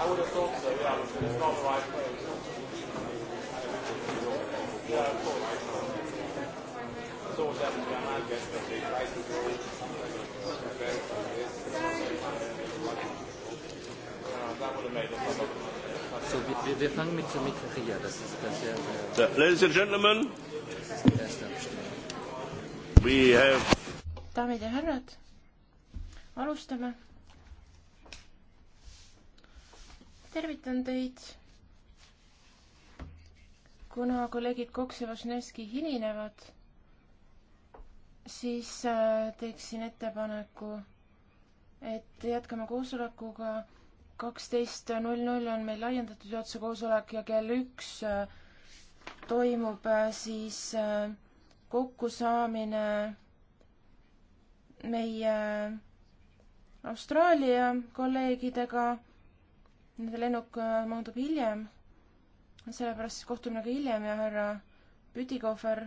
I would have thought so, yeah. It's not the right way. Yeah, of course. It's always happened to my guess that they try to go prepare for this. That would have made us a lot of money. So, wir, wir fangen mit, mit Ria, das ist das sehr, sehr so, Ladies and Gentlemen, we have... Daamid ja härrad, alustame tervitan teid. kuna kolleegid Koks ja Vašneski hilinevad, siis äh, teeksin ettepaneku, et jätkame koosolekuga. kaksteist null null on meil laiendatud juhatuse koosolek ja kell üks äh, toimub äh, siis kokkusaamine meie Austraalia kolleegidega nende lennuk äh, maandub hiljem, sellepärast siis kohtume ka hiljem ja härra Püdikohver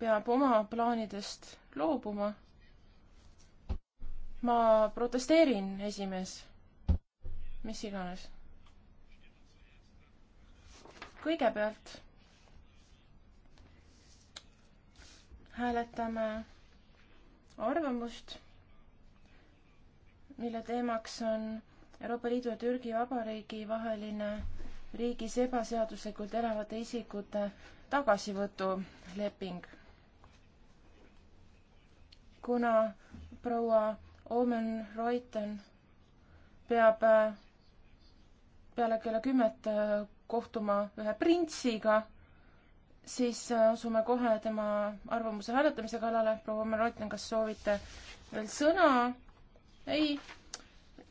peab oma plaanidest loobuma. ma protesteerin, esimees. mis iganes. kõigepealt hääletame arvamust, mille teemaks on Euroopa Liidu ja Türgi Vabariigi vaheline riigis ebaseaduslikult elavate isikute tagasivõtuleping. kuna proua Omen Reuten peab äh, peale kella kümmet äh, kohtuma ühe printsiga, siis äh, asume kohe tema arvamuse hääletamise kallale. proua Omen Reuten, kas soovite veel sõna? ei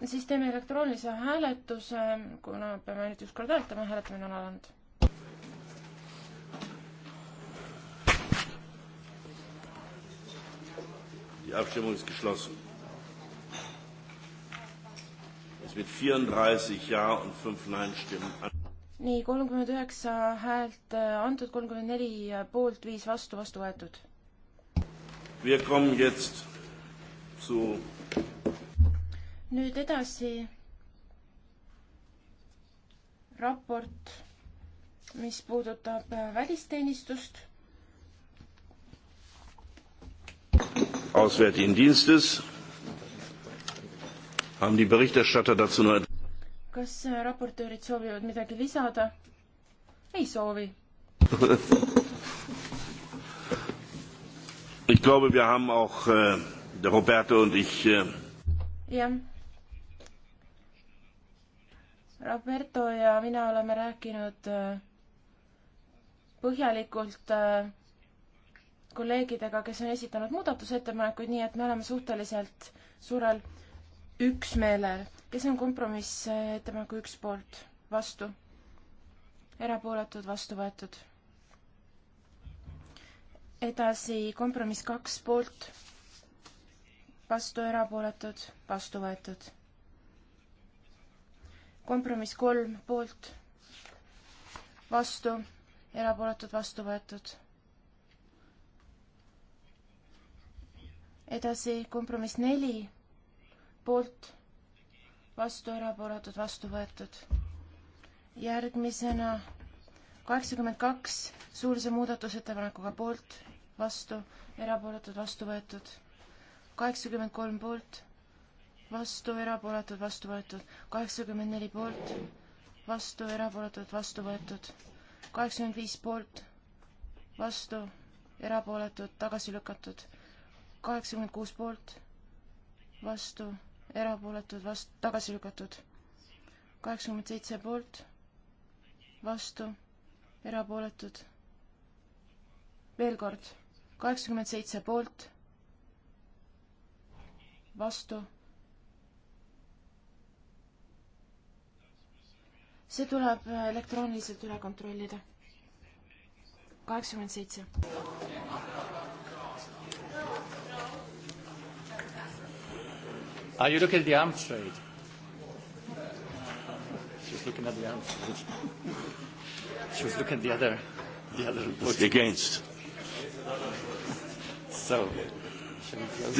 siis teeme elektroonilise hääletuse, kuna peame nüüd ükskord hääletama, hääletamine on alanud. Die Abstimmung ist geschlossen. Es wird 34 Ja und 5 Nein-Stimmen an. nii, kolmkümmend üheksa häält äh, antud, kolmkümmend neli äh, poolt, viis vastu, vastu võetud. Wir kommen jetzt zu nüüd edasi raport, mis puudutab äh, välisteenistust. Auswärtigen Dienstes haben die Berichterstatter dazu nur kas äh, raportöörid soovivad midagi lisada? ei soovi Ich glaube, wir haben auch äh, Roberto und ich äh jah Roberto ja mina oleme rääkinud äh, põhjalikult äh, kolleegidega, kes on esitanud muudatusettepanekuid, nii et me oleme suhteliselt suurel üksmeelel. kes on kompromissettepaneku üks poolt, vastu? erapooletud, vastu võetud. edasi kompromiss kaks poolt, vastu erapooletud, vastu võetud kompromiss kolm poolt, vastu, erapooletud, vastu võetud. edasi kompromiss neli poolt, vastu, erapooletud, vastu võetud. järgmisena kaheksakümmend kaks suulise muudatusettepanekuga poolt, vastu, erapooletud, vastu võetud. kaheksakümmend kolm poolt, vastu, erapooletud, vastu võetud. kaheksakümmend neli poolt, vastu, erapooletud, vastu võetud. kaheksakümmend viis poolt, vastu, erapooletud, tagasi lükatud. kaheksakümmend kuus poolt, vastu, erapooletud, vastu, tagasi lükatud. kaheksakümmend seitse poolt, vastu, erapooletud. veel kord, kaheksakümmend seitse poolt, vastu see tuleb äh, elektrooniliselt üle kontrollida. kaheksakümmend seitse. Are ah, you looking at the arms trade? She's looking at the arms trade. She was looking at the other, the other report. Against. So,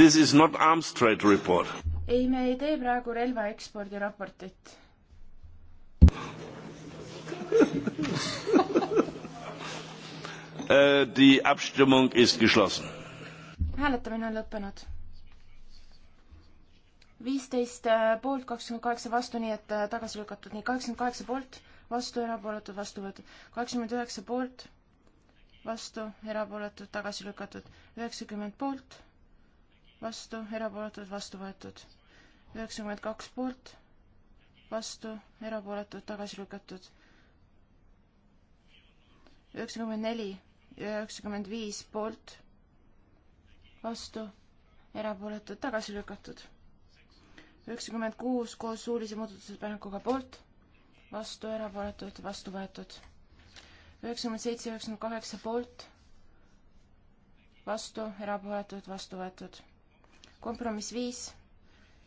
this is not arms trade report. ei, me ei tee praegu relvaekspordi raportit Äh, die Abstimmung ist geschlossen. hääletamine on lõppenud. viisteist äh, poolt, kakskümmend kaheksa vastu, nii et äh, tagasi lükatud, nii kaheksakümmend kaheksa poolt, vastu, erapooletud, vastu võetud, kaheksakümmend üheksa poolt, vastu, erapooletud, tagasi lükatud, üheksakümmend poolt, vastu, erapooletud, vastu võetud, üheksakümmend kaks poolt, vastu, erapooletud, tagasi lükatud üheksakümmend neli ja üheksakümmend viis poolt, vastu, erapooletud, tagasi lükatud. üheksakümmend kuus koos suulise muudatusettepanekuga poolt, vastu, erapooletud, vastu võetud. üheksakümmend seitse, üheksakümmend kaheksa poolt, vastu, erapooletud, vastu võetud. kompromiss viis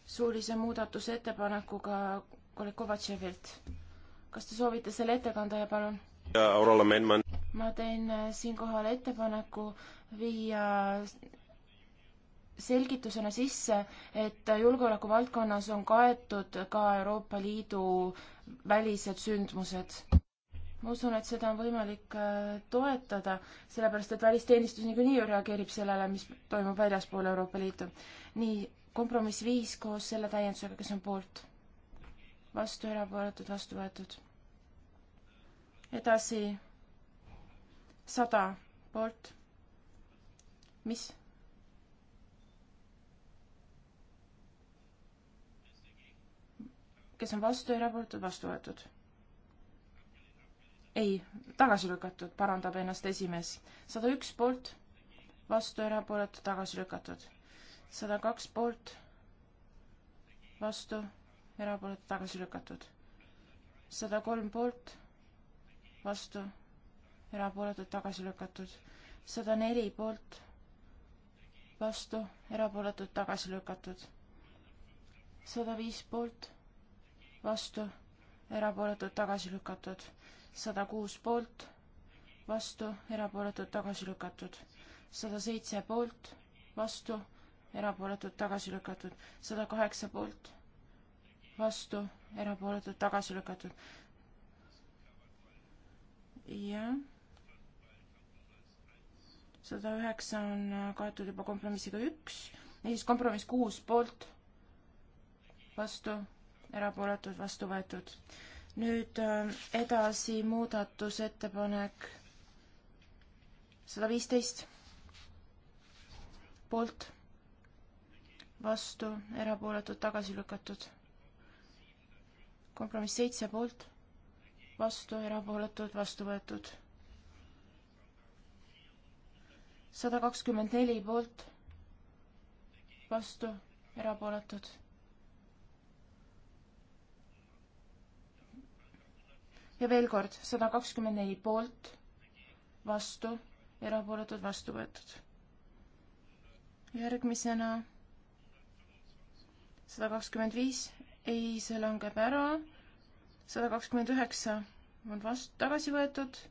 suulise muudatusettepanekuga kolleeg Kovatševilt. kas te soovite selle ette kanda ja palun? ma teen äh, siinkohal ettepaneku viia selgitusena sisse, et julgeoleku valdkonnas on kaetud ka Euroopa Liidu välised sündmused. ma usun, et seda on võimalik äh, toetada, sellepärast et välisteenistus niikuinii reageerib sellele, mis toimub väljaspool Euroopa Liitu. nii, kompromiss viis koos selle täiendusega, kes on poolt? vastu, erapooletud, vastu võetud. edasi sada poolt. mis? kes on vastu, erapooletud, vastu võetud? ei, tagasi lükatud, parandab ennast esimees. sada üks poolt, vastu, erapooletu, tagasi lükatud. sada kaks poolt, vastu, erapooletu, tagasi lükatud. sada kolm poolt, vastu erapooletud, tagasi lükatud. sada neli poolt, vastu, erapooletud, tagasi lükatud. sada viis poolt, vastu, erapooletud, tagasi lükatud. sada kuus poolt, vastu, erapooletud, tagasi lükatud. sada seitse poolt, vastu, erapooletud, tagasi lükatud. sada kaheksa poolt, vastu, erapooletud, tagasi lükatud. jah sada üheksa on äh, kaetud juba kompromissiga üks, niisiis kompromiss kuus poolt, vastu, erapooletud, vastu võetud. nüüd äh, edasi muudatusettepanek sada viisteist poolt, vastu, erapooletud, tagasi lükatud. kompromiss seitse poolt, vastu, erapooletud, vastu võetud sada kakskümmend neli poolt, vastu, erapooletud. ja veel kord, sada kakskümmend neli poolt, vastu, erapooletud, vastu võetud. järgmisena sada kakskümmend viis, ei, see langeb ära. sada kakskümmend üheksa on vastu, tagasi võetud.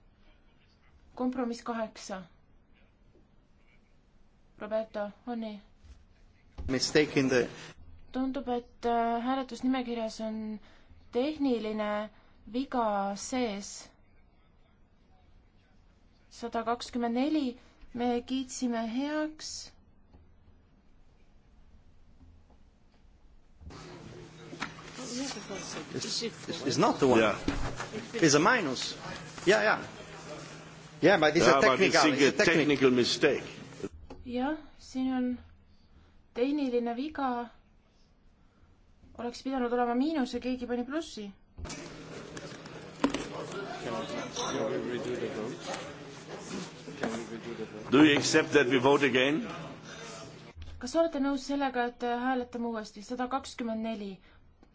kompromiss kaheksa Roberto, on nii? tundub, et äh, hääletusnimekirjas on tehniline viga sees. sada kakskümmend neli, me kiitsime heaks. It's, it's not the one. Yeah. It's a minus. Yeah, yeah. Yeah, but it's yeah, a technical, but it's a technical mistake jah, siin on tehniline viga. oleks pidanud olema miinus ja keegi pani plussi. Do you accept that we vote again? kas olete nõus sellega, et hääletame uuesti sada kakskümmend neli,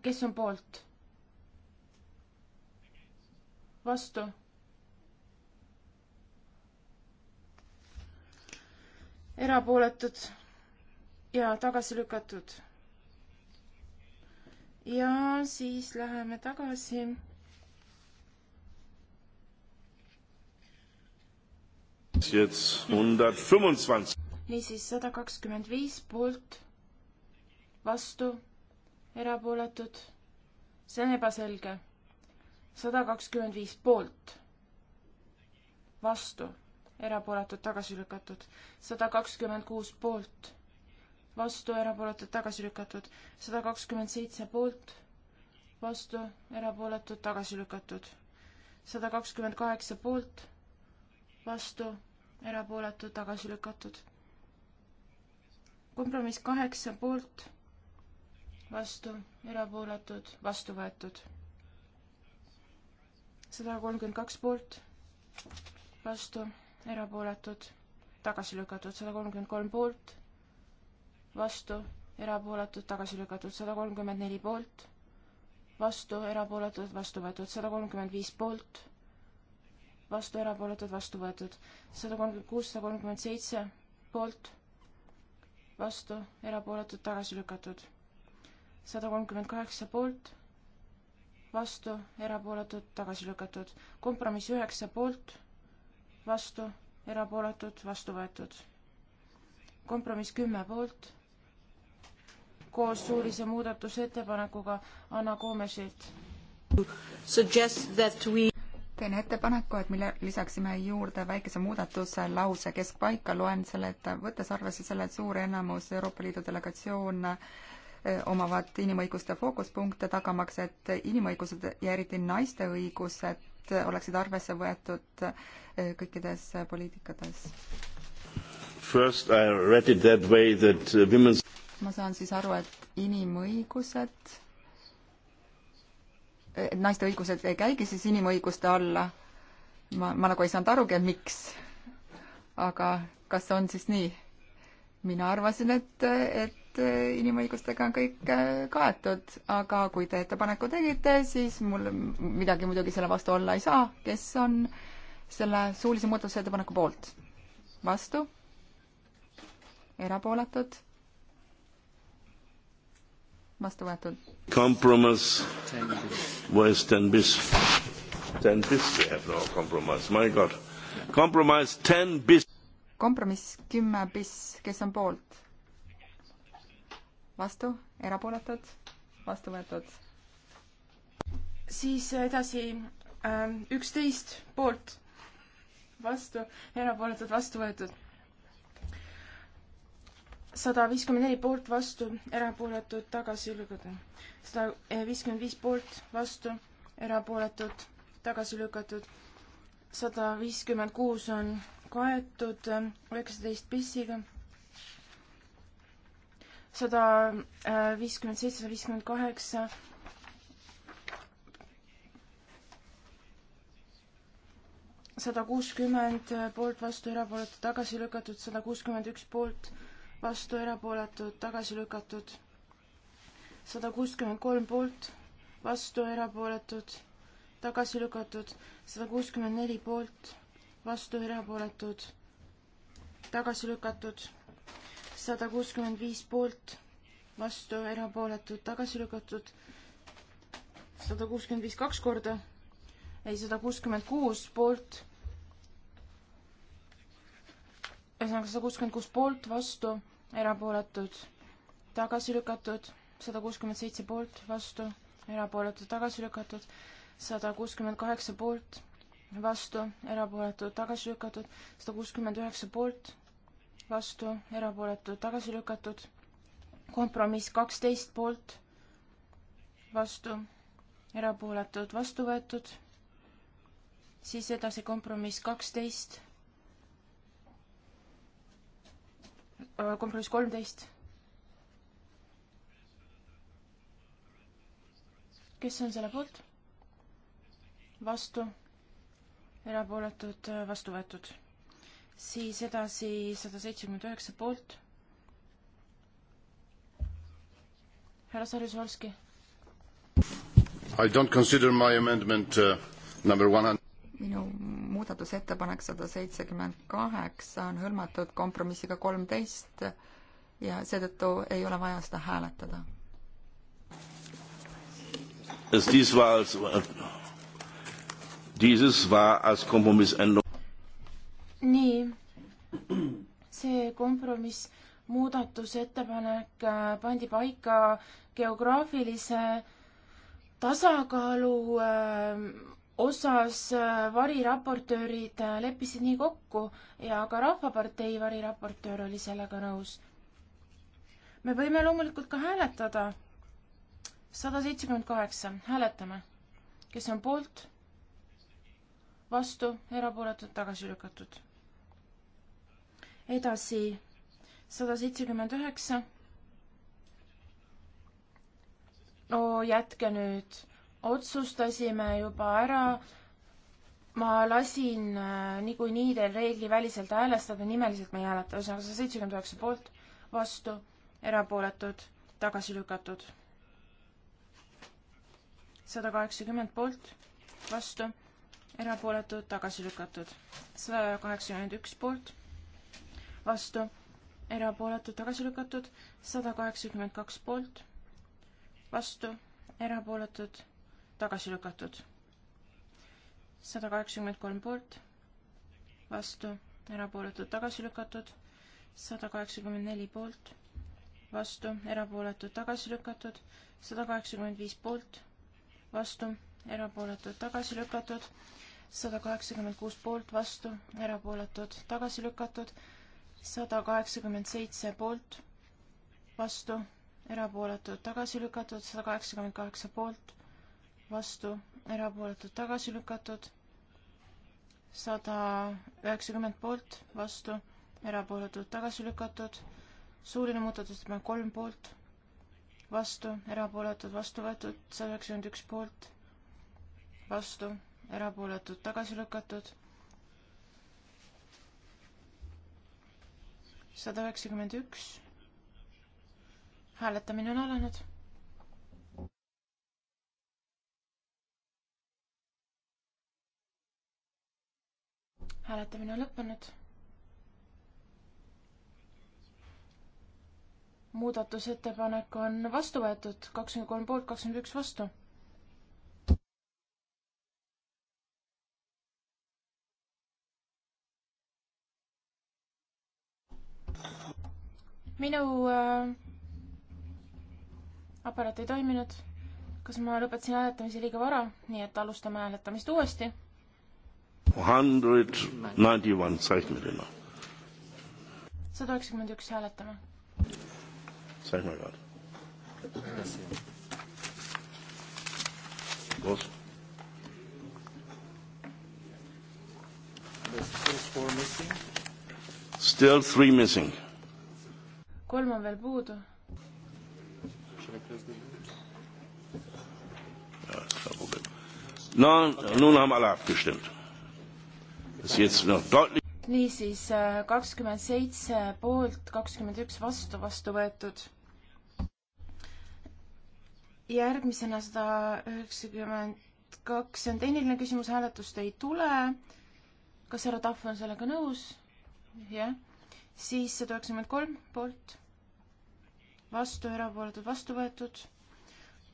kes on poolt? vastu erapooletud ja tagasi lükatud. ja siis läheme tagasi niisiis sada kakskümmend viis poolt, vastu, erapooletud, see on ebaselge. sada kakskümmend viis poolt, vastu, erapooletud, tagasi lükatud. sada kakskümmend kuus poolt, vastu, erapooletud, tagasi lükatud. sada kakskümmend seitse poolt, vastu, erapooletud, tagasi lükatud. sada kakskümmend kaheksa poolt, vastu, erapooletud, tagasi lükatud. kompromiss kaheksa poolt, vastu, erapooletud, vastu võetud. sada kolmkümmend kaks poolt, vastu erapooletud, tagasi lükatud sada kolmkümmend kolm poolt, vastu, erapooletud, tagasi lükatud sada kolmkümmend neli poolt, vastu, erapooletud, vastu võetud sada kolmkümmend viis poolt, vastu, erapooletud, vastu võetud sada kolmkümmend kuus, sada kolmkümmend seitse poolt, vastu, erapooletud, tagasi lükatud sada kolmkümmend kaheksa poolt, vastu, erapooletud, tagasi lükatud, kompromiss üheksa poolt vastu, erapooletud, vastu võetud. kompromiss kümme poolt, koos suulise muudatusettepanekuga Anna Koomesilt. We... teen ettepaneku, et mille lisaksime juurde väikese muudatuse lause keskpaika, loen selle ette, võttes arvesse selle, et suur enamus Euroopa Liidu delegatsioone eh, omavad inimõiguste fookuspunkte, tagamaks, et inimõigused ja eriti naiste õigused et oleksid arvesse võetud eh, kõikides eh, poliitikates. First I read it that way that uh, women's ma saan siis aru, et inimõigused, et eh, naiste õigused ei käigi siis inimõiguste alla. ma, ma nagu ei saanud arugi, et miks. aga kas on siis nii? mina arvasin, et, et et eh, inimõigustega on kõik eh, kaetud, aga kui te ettepaneku tegite, siis mul midagi muidugi selle vastu olla ei saa, kes on selle suulise muudatusettepaneku poolt? vastu? erapooletud? vastu võetud. kompromiss, where's ten bis? Ten bis, we have no compromise, my god. Compromise ten bis. kompromiss kümme bis, kes on poolt? vastu, erapooletud, vastu võetud. siis edasi ähm, üksteist poolt, vastu, erapooletud, vastu võetud. sada viiskümmend neli poolt, vastu, erapooletud, tagasi lükatud. sada viiskümmend viis poolt, vastu, erapooletud, tagasi lükatud. sada viiskümmend kuus on kaetud ähm, üheksateist pissiga sada äh, viiskümmend seitse, sada viiskümmend kaheksa. sada kuuskümmend äh, poolt, vastu, erapooletud, tagasi lükatud, sada kuuskümmend üks poolt, vastu, erapooletud, tagasi lükatud. sada kuuskümmend kolm poolt, vastu, erapooletud, tagasi lükatud, sada kuuskümmend neli poolt, vastu, erapooletud, tagasi lükatud sada kuuskümmend viis poolt, vastu, erapooletud, tagasi lükatud. sada kuuskümmend viis kaks korda. ei, sada kuuskümmend kuus poolt. ühesõnaga sada kuuskümmend kuus poolt, vastu, erapooletud, tagasi lükatud. sada kuuskümmend seitse poolt, vastu, erapooletud, tagasi lükatud. sada kuuskümmend kaheksa poolt, vastu, erapooletud, tagasi lükatud. sada kuuskümmend üheksa poolt vastu, erapooletud, tagasi lükatud. kompromiss kaksteist poolt, vastu, erapooletud, vastu võetud. siis edasi kompromiss kaksteist. Äh, kompromiss kolmteist. kes on selle poolt? vastu, erapooletud, vastu võetud siis edasi sada seitsekümmend üheksa poolt. härra Sarjusvalski. I don't consider my amendment uh, number one hundred minu muudatusettepanek sada seitsekümmend kaheksa on hõlmatud kompromissiga kolmteist ja seetõttu ei ole vaja seda hääletada. Äh, dieses war als Kompromiss nii, see kompromiss, muudatusettepanek äh, pandi paika geograafilise tasakaalu äh, osas äh, variraportöörid leppisid nii kokku ja ka Rahvapartei variraportöör oli sellega nõus. me võime loomulikult ka hääletada. sada seitsekümmend kaheksa, hääletame. kes on poolt? vastu, erapooletud, tagasi lükatud edasi sada seitsekümmend üheksa. no jätke nüüd, otsustasime juba ära. ma lasin äh, niikuinii teil reegliväliselt häälestada, nimeliselt me ei hääleta, ühesõnaga sada seitsekümmend üheksa poolt, vastu, erapooletud, tagasi lükatud. sada kaheksakümmend poolt, vastu erapooletud, tagasi lükatud. sada kaheksakümmend üks poolt, vastu, erapooletud, tagasi lükatud, sada kaheksakümmend kaks poolt, vastu, erapooletud, tagasi lükatud, sada kaheksakümmend kolm poolt, vastu, erapooletud, tagasi lükatud, sada kaheksakümmend neli poolt, vastu, erapooletud, tagasi lükatud, sada kaheksakümmend viis poolt, vastu, erapooletud, tagasi lükatud, sada kaheksakümmend kuus poolt, vastu, erapooletud, tagasi lükatud, sada kaheksakümmend seitse poolt, vastu, erapooletud, tagasi lükatud, sada kaheksakümmend kaheksa poolt, vastu, erapooletud, tagasi lükatud, sada üheksakümmend poolt, vastu, erapooletud, tagasi lükatud, suuline muudatusettepanek kolm poolt, vastu, erapooletud, vastu võetud, sada üheksakümmend üks poolt, vastu, erapooletud, tagasi lükatud sada üheksakümmend üks. hääletamine on alanud. hääletamine on lõppenud. muudatusettepanek on vastu võetud, kakskümmend kolm poolt, kakskümmend üks vastu minu äh, aparaat ei toiminud. kas ma lõpetasin hääletamise liiga vara, nii et alustame hääletamist uuesti? sada üheksakümmend üks hääletame. saime ka. koos. Still three missing kolm on veel puudu. niisiis äh, kakskümmend seitse poolt, kakskümmend üks vastu, vastu võetud. järgmisena sada üheksakümmend kaks, see on tehniline küsimus, hääletust ei tule. kas härra Tahv on sellega nõus? jah yeah siis sada üheksakümmend kolm poolt, vastu, erapooletud, vastu võetud.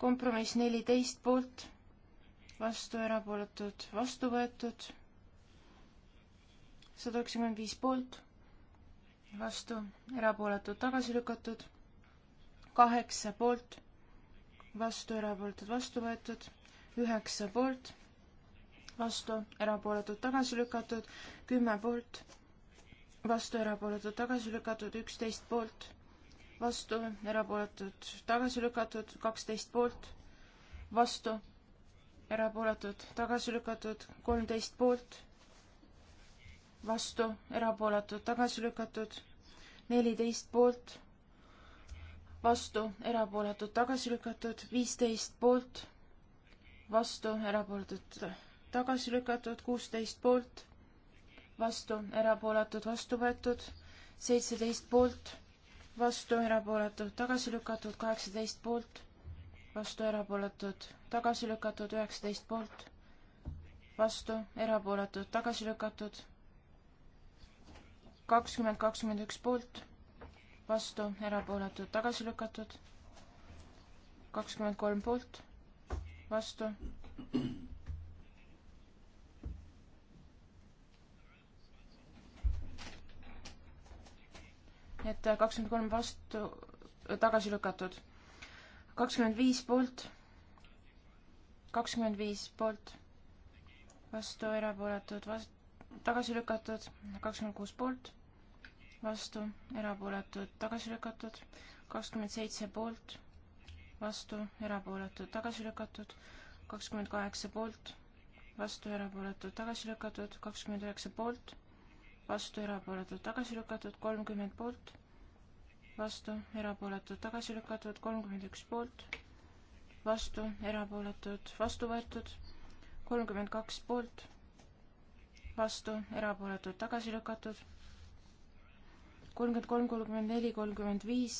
kompromiss neliteist poolt, vastu, erapooletud, vastu võetud. sada üheksakümmend viis poolt, vastu, erapooletud, tagasi lükatud. kaheksa poolt, vastu, erapooletud, vastu võetud. üheksa poolt, vastu, erapooletud, tagasi lükatud. kümme poolt, vastu, erapooletud, tagasi lükatud. üksteist poolt vastu, erapooletud, tagasi lükatud, kaksteist poolt, vastu, erapooletud, tagasi lükatud, kolmteist poolt, vastu, erapooletud, tagasi lükatud, neliteist poolt, vastu, erapooletud, tagasi lükatud, viisteist poolt, vastu, erapooletud, tagasi lükatud, kuusteist poolt, vastu, erapooletud, vastu võetud, seitseteist poolt vastu, erapooletud, tagasi lükatud, kaheksateist poolt, vastu, erapooletud, tagasi lükatud, üheksateist poolt, vastu, erapooletud, tagasi lükatud, kakskümmend, kakskümmend üks poolt, vastu, erapooletud, tagasi lükatud, kakskümmend kolm poolt, vastu, et kakskümmend kolm vastu, tagasi lükatud. kakskümmend viis poolt, kakskümmend viis poolt, vastu, erapooletud, vastu, tagasi lükatud, kakskümmend kuus poolt, vastu, erapooletud, tagasi lükatud, kakskümmend seitse poolt, vastu, erapooletud, tagasi lükatud, kakskümmend kaheksa poolt, vastu, erapooletud, tagasi lükatud, kakskümmend üheksa poolt vastu, erapooletud, tagasi lükatud, kolmkümmend poolt, vastu, erapooletud, tagasi lükatud, kolmkümmend üks poolt, vastu, erapooletud, vastu võetud, kolmkümmend kaks poolt, vastu, erapooletud, tagasi lükatud, kolmkümmend kolm, kolmkümmend neli, kolmkümmend viis,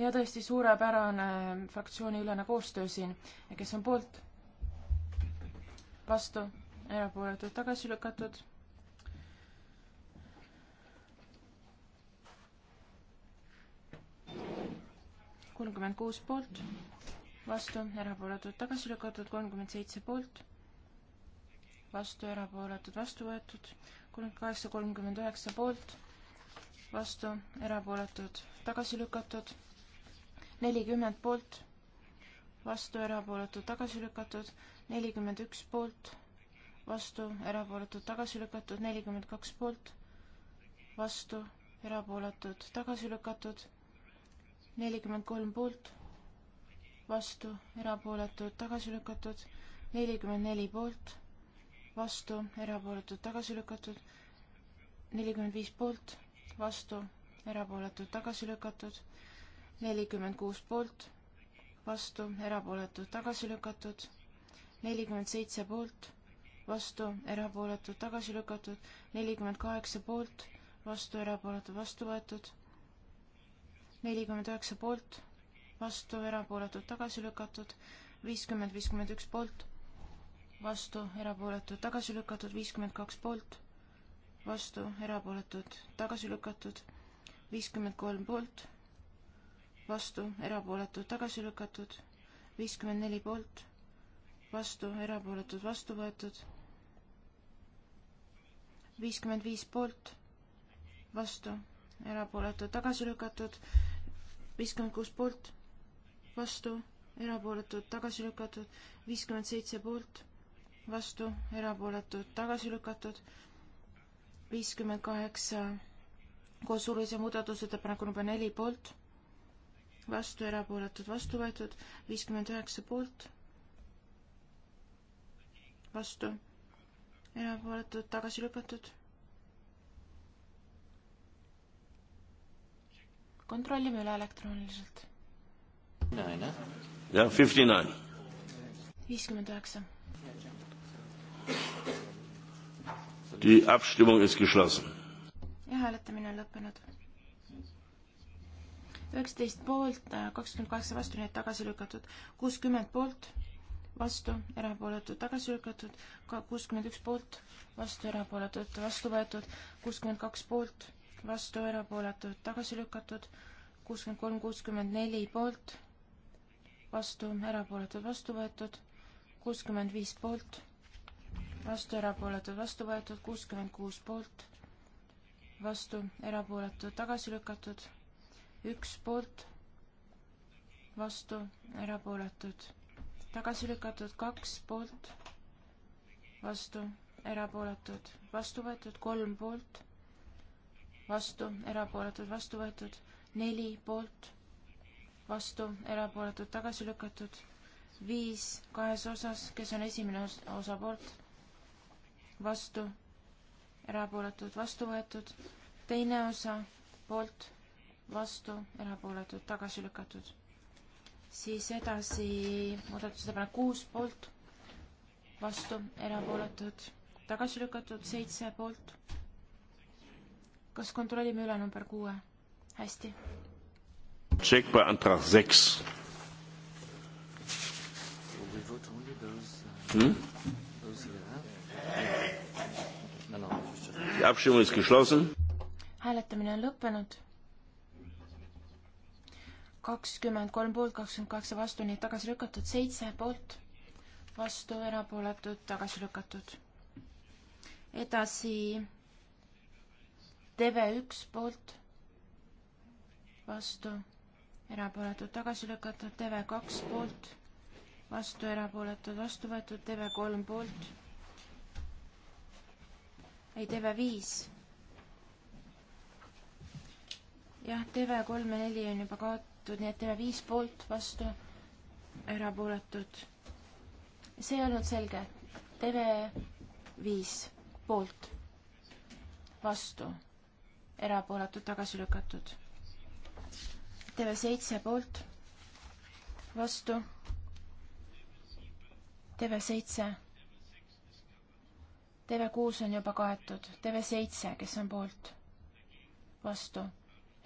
ja tõesti suurepärane fraktsiooniülene koostöö siin, kes on poolt, vastu erapooletud tagasi lükatud. kolmkümmend kuus poolt, vastu, erapooletud tagasi lükatud, kolmkümmend seitse poolt, vastu, erapooletud, vastu võetud, kolmkümmend kaheksa, kolmkümmend üheksa poolt, vastu, erapooletud, tagasi lükatud, nelikümmend poolt vastu, erapooletud tagasi lükatud, nelikümmend üks poolt, vastu, erapooletud, tagasi lükatud, nelikümmend kaks poolt, vastu, erapooletud, tagasi lükatud, nelikümmend kolm poolt, vastu, erapooletud, tagasi lükatud, nelikümmend neli poolt, vastu, erapooletud, tagasi lükatud, nelikümmend viis poolt, vastu, erapooletud, tagasi lükatud, nelikümmend kuus poolt, vastu, erapooletud, tagasi lükatud, nelikümmend seitse poolt vastu, erapooletud, tagasi lükatud, nelikümmend kaheksa poolt, vastu, erapooletud, vastu võetud, nelikümmend üheksa poolt, vastu, erapooletud, tagasi lükatud, viiskümmend, viiskümmend üks poolt, vastu, erapooletud, tagasi lükatud, viiskümmend kaks poolt, vastu, erapooletud, tagasi lükatud, viiskümmend kolm poolt, vastu, erapooletud, tagasi lükatud, viiskümmend neli poolt, vastu, erapooletud, vastu võetud viiskümmend viis poolt, vastu, erapooletud, tagasi lükatud, viiskümmend kuus poolt, vastu, erapooletud, tagasi lükatud, viiskümmend seitse poolt, vastu, erapooletud, tagasi lükatud, viiskümmend kaheksa koos suulise muudatusettepaneku number neli poolt, vastu, erapooletud, vastu võetud, viiskümmend üheksa poolt, vastu erapooletud, tagasi lükatud. kontrollime üle elektrooniliselt. jah, fifty nine. Eh? viiskümmend üheksa. Die Abstimmung ist geschlossen. ja hääletamine on lõppenud. üheksateist poolt, kakskümmend kaheksa vastu, nii et tagasi lükatud. kuuskümmend poolt vastu, erapooletud, tagasi lükatud, kuuskümmend üks poolt, vastu, erapooletud, vastu võetud, kuuskümmend kaks poolt, vastu, erapooletud, tagasi lükatud, kuuskümmend kolm, kuuskümmend neli poolt, vastu, erapooletud, vastu võetud, kuuskümmend viis poolt, vastu, erapooletud, vastu võetud, kuuskümmend kuus poolt, vastu, erapooletud, tagasi lükatud, üks poolt, vastu, erapooletud tagasi lükatud kaks poolt, vastu, erapooletud, vastu võetud kolm poolt, vastu, erapooletud, vastu võetud neli poolt, vastu, erapooletud, tagasi lükatud viis kahes osas, kes on esimene osa poolt, vastu, erapooletud, vastu võetud, teine osa poolt, vastu, erapooletud, tagasi lükatud siis edasi muudatusettepanek kuus poolt, vastu, erapooletud, tagasi lükatud, seitse poolt. kas kontrollime üle number kuue? hästi. Check bei Antrag uh, hmm? sechs. Hm? Die Abstimmung ist geschlossen. Hääletamine on lõppenud kakskümmend kolm poolt, kakskümmend kaheksa vastu, nii et tagasi lükatud, seitse poolt, vastu, erapooletud, tagasi lükatud. edasi TV1 poolt, vastu, erapooletud, tagasi lükatud, TV2 poolt, vastu, erapooletud, vastu võetud, TV3 poolt, ei, TV5 jah, TV3 ja neli on juba kaot-, võetud, nii et teeme viis poolt, vastu, erapooletud. see ei olnud selge. teeme viis poolt, vastu, erapooletud, tagasi lükatud. teeme seitse poolt, vastu, teeme seitse. TV6 on juba kaetud, TV7, kes on poolt, vastu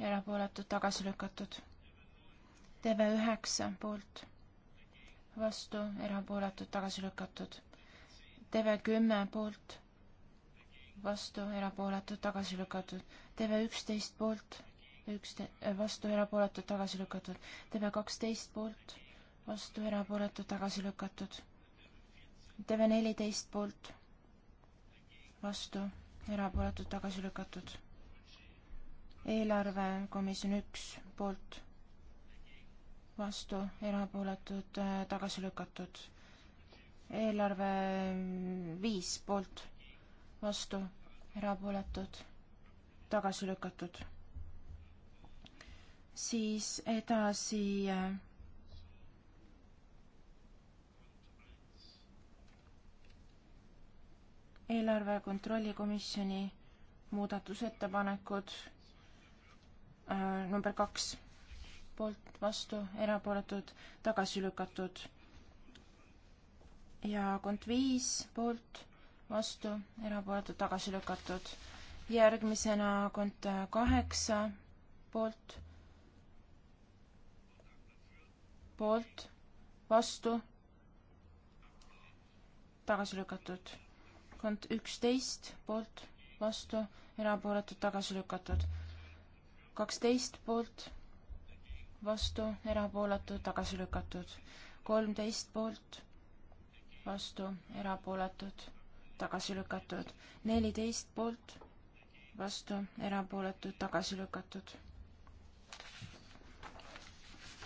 erapooletud tagasi lükatud. TV9 poolt, vastu, erapooletud, tagasi lükatud. TV10 poolt, vastu, erapooletud, tagasi lükatud. TV11 poolt, üks, äh, vastu, erapooletud, tagasi lükatud. TV12 poolt, vastu, erapooletud, tagasi lükatud. TV14 poolt, vastu, erapooletud, tagasi lükatud. eelarvekomisjon üks poolt vastu, erapooletud, äh, tagasi lükatud. eelarve mm, viis poolt, vastu, erapooletud, tagasi lükatud. siis edasi äh, eelarve kontrollikomisjoni muudatusettepanekud äh, number kaks poolt, vastu, erapooletud, tagasi lükatud. ja kont viis poolt, vastu, erapooletud, tagasi lükatud. järgmisena kont kaheksa poolt, poolt, vastu, tagasi lükatud. kont üksteist poolt, vastu, erapooletud, tagasi lükatud. kaksteist poolt vastu, erapooletud, tagasi lükatud. kolmteist poolt, vastu, erapooletud, tagasi lükatud. neliteist poolt, vastu, erapooletud, tagasi lükatud.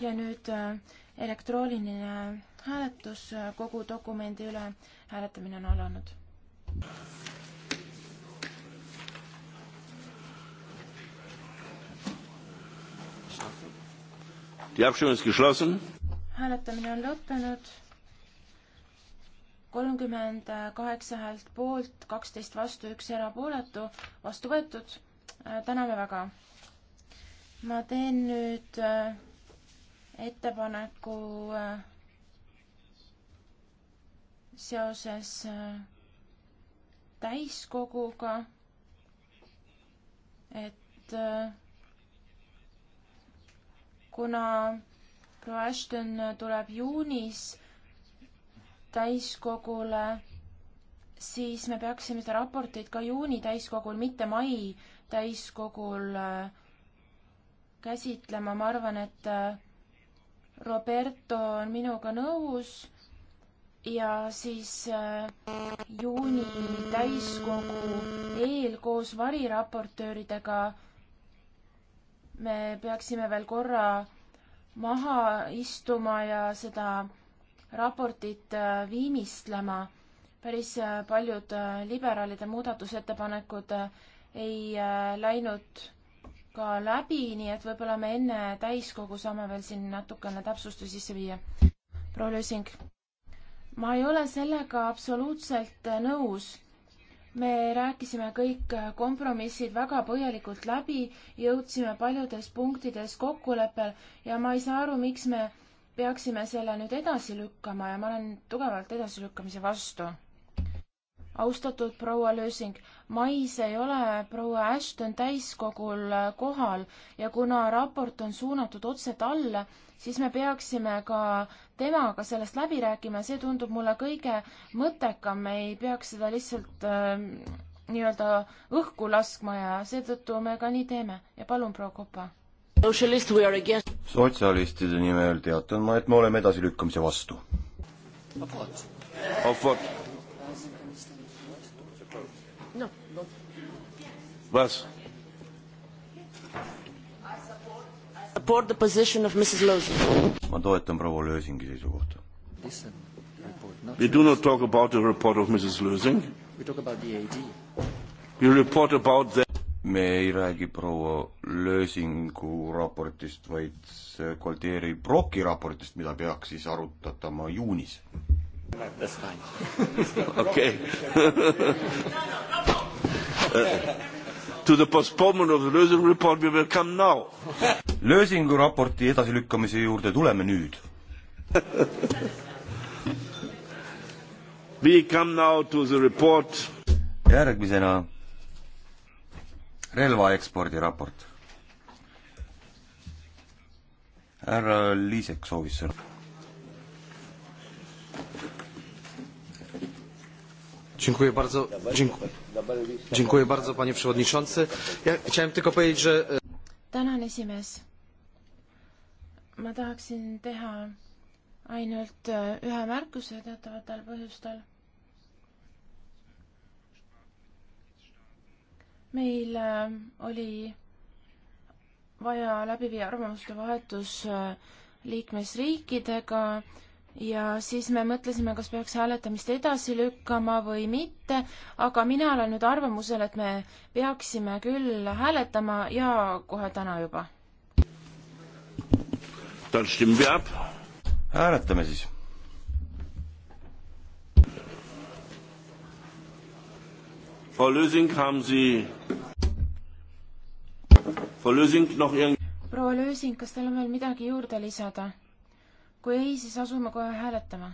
ja nüüd äh, elektrooniline äh, hääletus äh, kogu dokumendi üle. hääletamine on alanud. hääletamine on lõppenud. kolmkümmend kaheksa häält poolt, kaksteist vastu, üks erapooletu, vastu võetud. Äh, täname väga. ma teen nüüd äh, ettepaneku äh, seoses täiskoguga, et kuna proua Ashton tuleb juunis täiskogule, siis me peaksime seda raportit ka juuni täiskogul, mitte mai täiskogul äh, käsitlema, ma arvan, et äh, Roberto on minuga nõus ja siis äh, juuni täiskogu eel koos variraportööridega me peaksime veel korra maha istuma ja seda raportit äh, viimistlema. päris äh, paljud äh, liberaalide muudatusettepanekud ei läinud ka läbi, nii et võib-olla me enne täiskogu saame veel siin natukene täpsustusi sisse viia. proua Lösing, ma ei ole sellega absoluutselt nõus me rääkisime kõik kompromissid väga põhjalikult läbi, jõudsime paljudes punktides kokkuleppel ja ma ei saa aru, miks me peaksime selle nüüd edasi lükkama ja ma olen tugevalt edasilükkamise vastu austatud proua Lösing, mais ei ole proua Ashton täiskogul äh, kohal ja kuna raport on suunatud otse talle, siis me peaksime ka temaga sellest läbi rääkima ja see tundub mulle kõige mõttekam, me ei peaks seda lihtsalt äh, nii-öelda õhku laskma ja seetõttu me ka nii teeme ja palun, proua Kopa. sotsialistide nimel teatan ma, et me oleme edasilükkamise vastu. Of what? Of what? Was? support the position of Mrs. Lösing. ma toetan proua Lösingi seisukohta. Uh, We do not talk about the report of Mrs. Lösing. We talk about the AD. We report about the me ei räägi proua Lösingu raportist, vaid Kolteeri Broki raportist, mida peaks siis arutatama juunis. okei. to the postponement of the Lösing report we will come now. Lösingu raporti edasilükkamise juurde tuleme nüüd We come now to the report. järgmisena relvaekspordi raport. härra Liisek soovis sõna. Dziękuję bardzo, dziękuję, dziękuję bardzo panie przewodniczący. Ja chciałem tylko powiedzieć, że... E, Tänan esimees. Ma tahaksin teha ainult e, ühe märkuse teatavatel põhjustel. Meil e, oli vaja läbi viia arvamuste vahetus liikmesriikidega, riikidega ja siis me mõtlesime, kas peaks hääletamist edasi lükkama või mitte, aga mina olen nüüd arvamusel, et me peaksime küll hääletama ja kohe täna juba. hääletame siis. Frau Lösing, haben Sie, Frau Lösing noch irgend-? proua Lösing, kas teil on veel midagi juurde lisada? kui ei, siis asume kohe hääletama.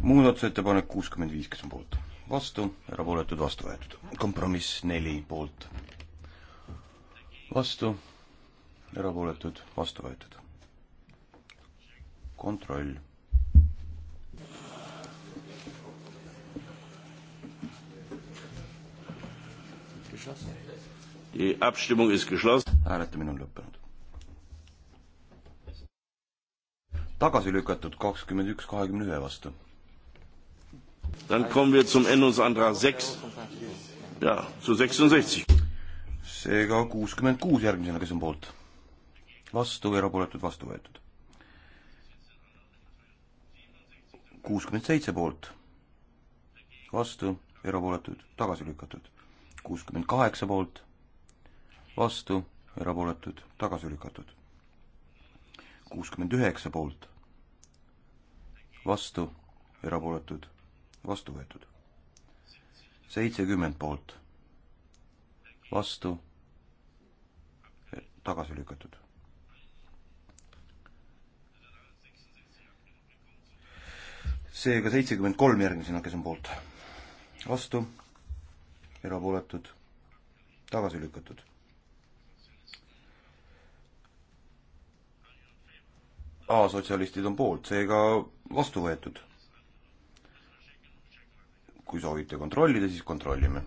muudatusettepanek kuuskümmend viis, kes on poolt? vastu, erapooletud, vastu võetud. kompromiss neli poolt. vastu, erapooletud, vastu võetud. kontroll hääletamine on lõppenud. tagasi lükatud kakskümmend üks kahekümne ühe vastu. Dann kommen wir zum Änderungsantrag sechs, ja, zu sechsundsechzig. seega kuuskümmend kuus järgmisena, kes on poolt? vastu, erapooletud, vastu võetud. kuuskümmend seitse poolt, vastu, erapooletud, tagasi lükatud. kuuskümmend kaheksa poolt, vastu, erapooletud, tagasi lükatud. kuuskümmend üheksa poolt, vastu, erapooletud, vastu võetud. seitsekümmend poolt, vastu, e, tagasi lükatud. seega seitsekümmend kolm järgmisena, kes on poolt, vastu, erapooletud, tagasi lükatud A-sotsialistid on poolt, seega vastu võetud. kui soovite kontrollida, siis kontrollime.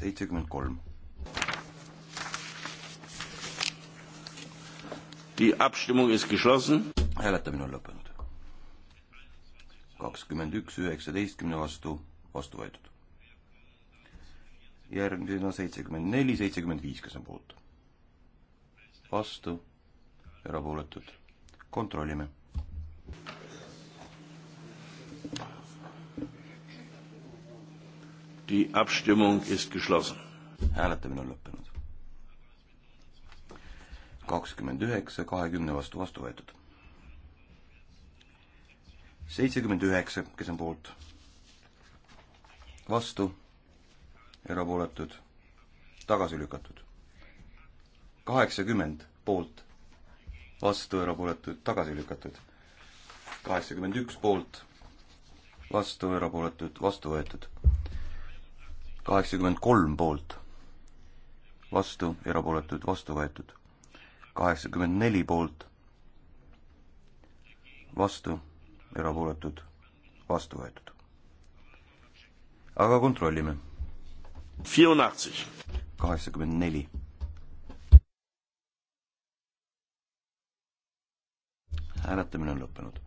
seitsekümmend kolm. Die Abstimmung ist geschlossen. hääletamine on lõppenud. kakskümmend üks üheksateistkümne vastu, vastu võetud. järgmisena seitsekümmend neli, seitsekümmend viis, kes on poolt? vastu, erapooletud kontrollime. Die Abstimmung ist geschlossen. hääletamine on lõppenud. kakskümmend üheksa kahekümne vastu vastu võetud. seitsekümmend üheksa, kes on poolt, vastu, erapooletud, tagasi lükatud. kaheksakümmend poolt vastu, erapooletuid tagasi lükatud. kaheksakümmend üks poolt, vastu, erapooletuid vastu võetud. kaheksakümmend kolm poolt, vastu, erapooletuid vastu võetud. kaheksakümmend neli poolt, vastu, erapooletuid vastu võetud. aga kontrollime. kaheksakümmend neli hääletamine on lõppenud.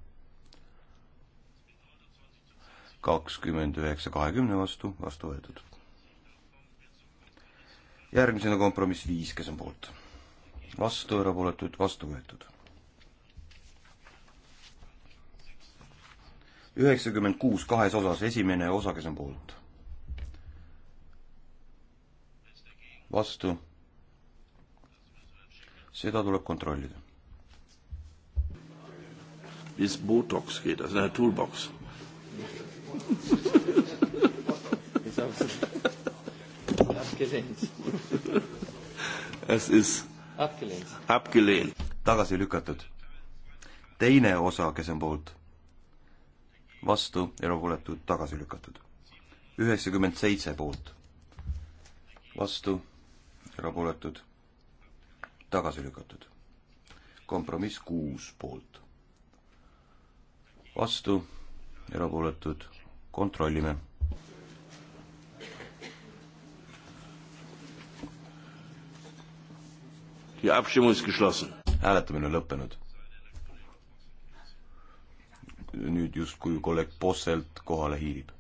kakskümmend üheksa kahekümne vastu, vastu võetud. järgmisena kompromiss viis, kes on poolt? vastu, erapooletuid, vastu võetud. üheksakümmend kuus kahes osas, esimene osa, kes on poolt? vastu. seda tuleb kontrollida bis Botox geht, also in der Toolbox. abgelehnt. Es ist abgelehnt. abgelehnt. tagasi lükatud. teine osa, kes on poolt, vastu, erapooletud, tagasi lükatud. üheksakümmend seitse poolt, vastu, erapooletud, tagasi lükatud. kompromiss kuus poolt vastu, erapooletud, kontrollime. hääletamine on lõppenud. nüüd justkui kolleeg Posselt kohale hiilib.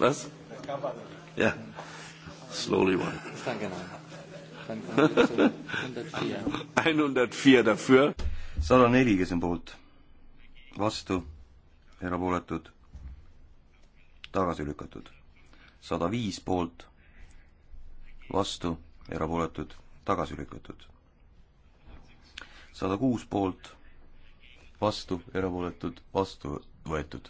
Was? Ja. Slowly one. Ist angenommen. 104 dafür. sada neli, kes on poolt, vastu, erapooletud, tagasi lükatud. sada viis poolt, vastu, erapooletud, tagasi lükatud. sada kuus poolt, vastu, erapooletud, vastu võetud.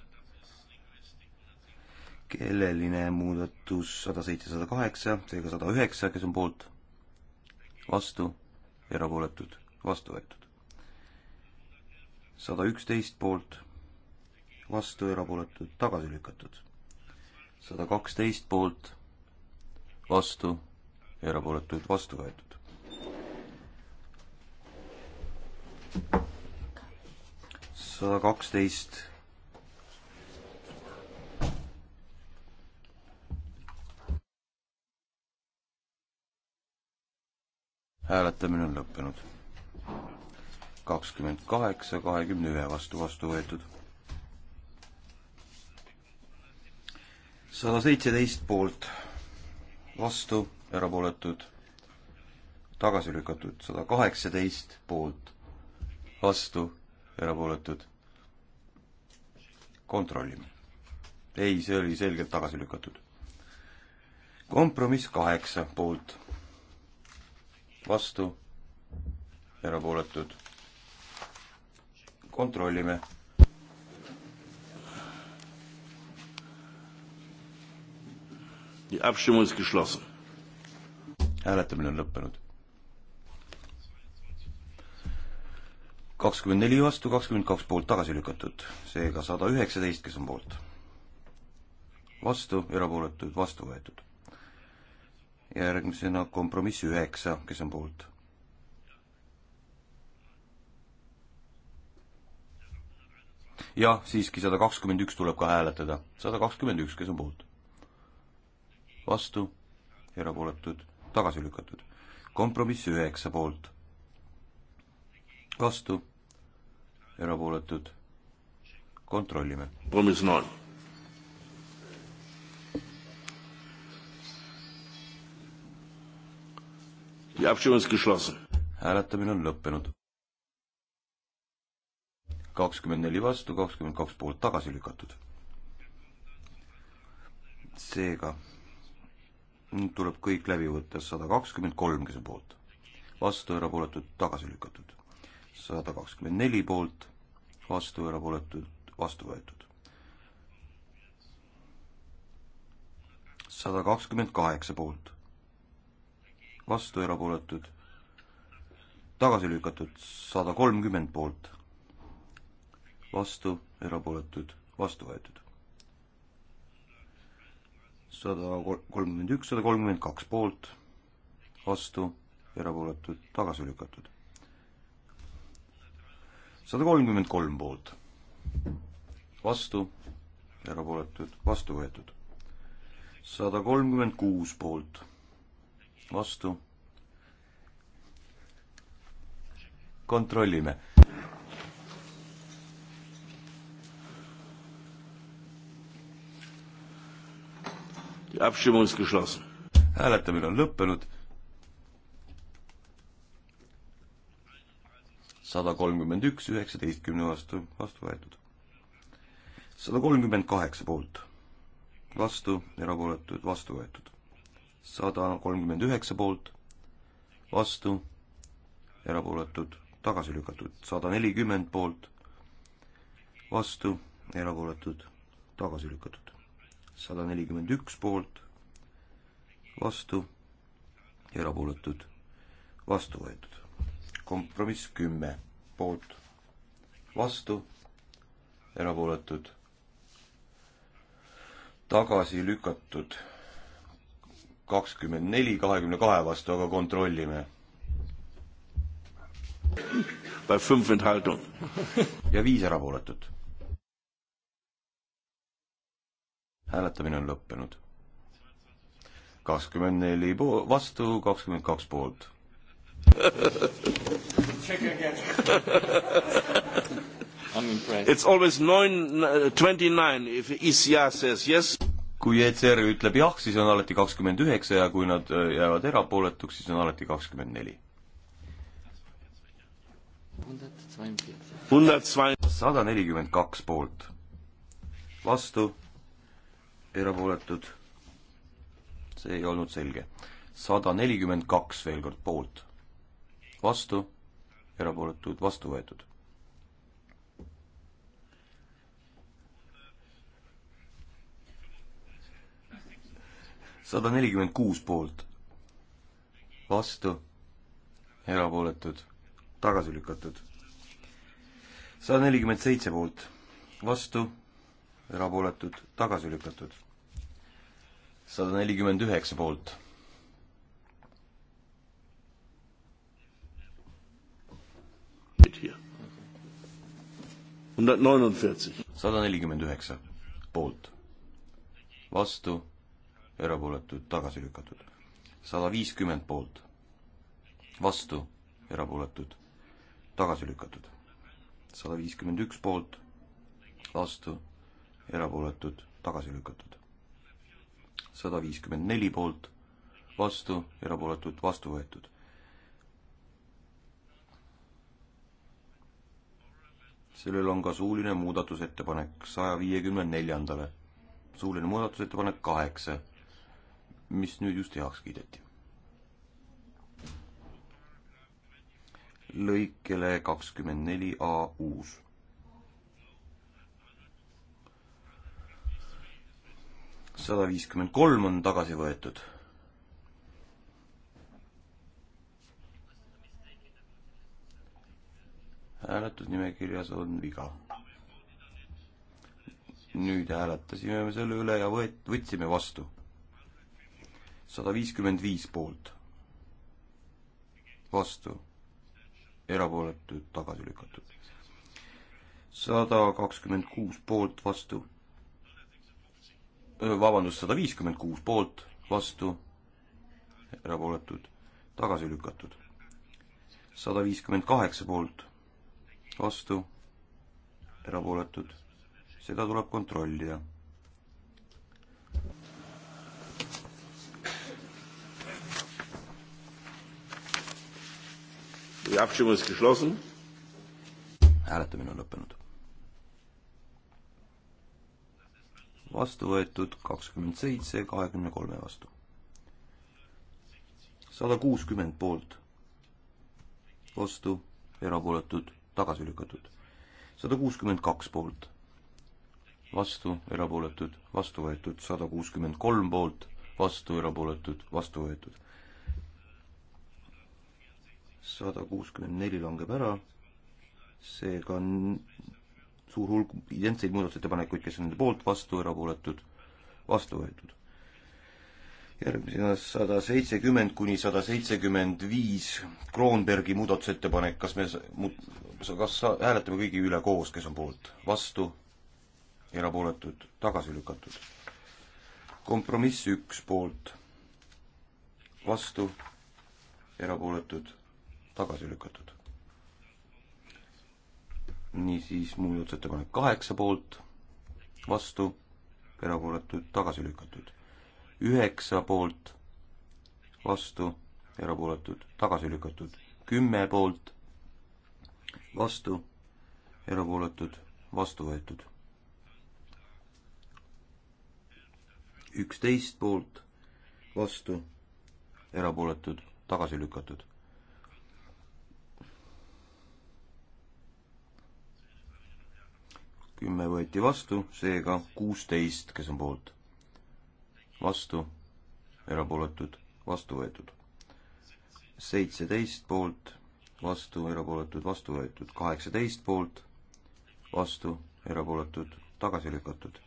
kelleline muudatus sada seitse, sada kaheksa, seega sada üheksa, kes on poolt vastu, erapooletud, vastu võetud. sada üksteist poolt, vastu, erapooletud, tagasi lükatud. sada kaksteist poolt, vastu, erapooletud, vastu võetud. sada kaksteist hääletamine on lõppenud. kakskümmend kaheksa, kahekümne ühe vastu vastu võetud. sada seitseteist poolt, vastu, erapooletud, tagasi lükatud, sada kaheksateist poolt, vastu, erapooletud. kontrollime. ei, see oli selgelt tagasi lükatud. kompromiss kaheksa poolt vastu, erapooletud. kontrollime. hääletamine on lõppenud. kakskümmend neli vastu, kakskümmend kaks poolt tagasi lükatud, seega sada üheksateist, kes on poolt. vastu, erapooletud, vastu võetud järgmisena kompromiss üheksa, kes on poolt? jah, siiski sada kakskümmend üks tuleb ka hääletada. sada kakskümmend üks, kes on poolt? vastu, erapooletud, tagasi lükatud. kompromiss üheksa poolt. vastu, erapooletud, kontrollime. kompromiss null hääletamine on lõppenud. kakskümmend neli vastu, kakskümmend kaks poolt tagasi lükatud. seega nüüd tuleb kõik läbi võtta, sada kakskümmend kolm, kes on poolt, vastu, erapooletud, tagasi lükatud. sada kakskümmend neli poolt, vastu, erapooletud, vastu võetud. sada kakskümmend kaheksa poolt, vastu erapooletud, tagasi lükatud sada kolmkümmend poolt, vastu erapooletud, vastu võetud. sada kolmkümmend üks, sada kolmkümmend kaks poolt, vastu erapooletud, tagasi lükatud. sada kolmkümmend kolm poolt, vastu erapooletud, vastu võetud. sada kolmkümmend kuus poolt vastu. kontrollime. hääletamine on lõppenud. sada kolmkümmend üks üheksateistkümne vastu, vastu võetud. sada kolmkümmend kaheksa poolt, vastu, erapooletud, vastu võetud sada kolmkümmend üheksa poolt, vastu, erapooletud, tagasi lükatud, sada nelikümmend poolt, vastu, erapooletud, tagasi lükatud, sada nelikümmend üks poolt, vastu, erapooletud, vastu võetud. kompromiss kümme poolt, vastu, erapooletud, tagasi lükatud kakskümmend neli kahekümne kahe vastu, aga kontrollime. ja viis erapooletut. hääletamine on lõppenud. kakskümmend neli po-, vastu, kakskümmend kaks poolt. It's always nine, uh, twenty-nine if ECR says yes kui ECR ütleb jah, siis on alati kakskümmend üheksa ja kui nad äh, jäävad erapooletuks, siis on alati kakskümmend neli. sada nelikümmend kaks poolt, vastu, erapooletud, see ei olnud selge. sada nelikümmend kaks veel kord poolt, vastu, erapooletud, vastu võetud sada nelikümmend kuus poolt, vastu, erapooletud, tagasi lükatud. sada nelikümmend seitse poolt, vastu, erapooletud, tagasi lükatud. sada nelikümmend üheksa poolt. sada nelikümmend üheksa poolt, vastu erapooletud, tagasi lükatud. sada viiskümmend poolt, vastu, erapooletud, tagasi lükatud. sada viiskümmend üks poolt, vastu, erapooletud, tagasi lükatud. sada viiskümmend neli poolt, vastu, erapooletud, vastu võetud. sellel on ka suuline muudatusettepanek saja viiekümne neljandale. suuline muudatusettepanek kaheksa mis nüüd just heaks kiideti. lõikele kakskümmend neli A uus. sada viiskümmend kolm on tagasi võetud hääletusnimekirjas on viga. nüüd hääletasime me selle üle ja võet-, võtsime vastu sada viiskümmend viis poolt, vastu, erapooletud, tagasi lükatud. sada kakskümmend kuus poolt, vastu, vabandust, sada viiskümmend kuus poolt, vastu, erapooletud, tagasi lükatud. sada viiskümmend kaheksa poolt, vastu, erapooletud, seda tuleb kontrollida hääletamine on lõppenud. vastu võetud kakskümmend seitse, kahekümne kolme vastu. sada kuuskümmend poolt, vastu, erapooletud, tagasi lükatud. sada kuuskümmend kaks poolt, vastu, erapooletud, vastu võetud, sada kuuskümmend kolm poolt, vastu, erapooletud, vastu võetud sada kuuskümmend neli langeb ära, seega on suur hulk identseid muudatusettepanekuid, kes on nende poolt, vastu, erapooletud, vastu võetud. järgmisena sada seitsekümmend kuni sada seitsekümmend viis Kroonbergi muudatusettepanek, kas me, kas hääletame kõigi üle koos, kes on poolt, vastu, erapooletud, tagasi lükatud? kompromiss üks poolt, vastu, erapooletud tagasi lükatud. niisiis muudatusettepanek kaheksa poolt, vastu, erapooletud, tagasi lükatud. üheksa poolt, vastu, erapooletud, tagasi lükatud. kümme poolt, vastu, erapooletud, vastu võetud. üksteist poolt, vastu, erapooletud, tagasi lükatud kümme võeti vastu, seega kuusteist, kes on poolt. vastu, erapooletud, vastu võetud. seitseteist poolt, vastu, erapooletud, vastu võetud. kaheksateist poolt, vastu, erapooletud, tagasi lükatud.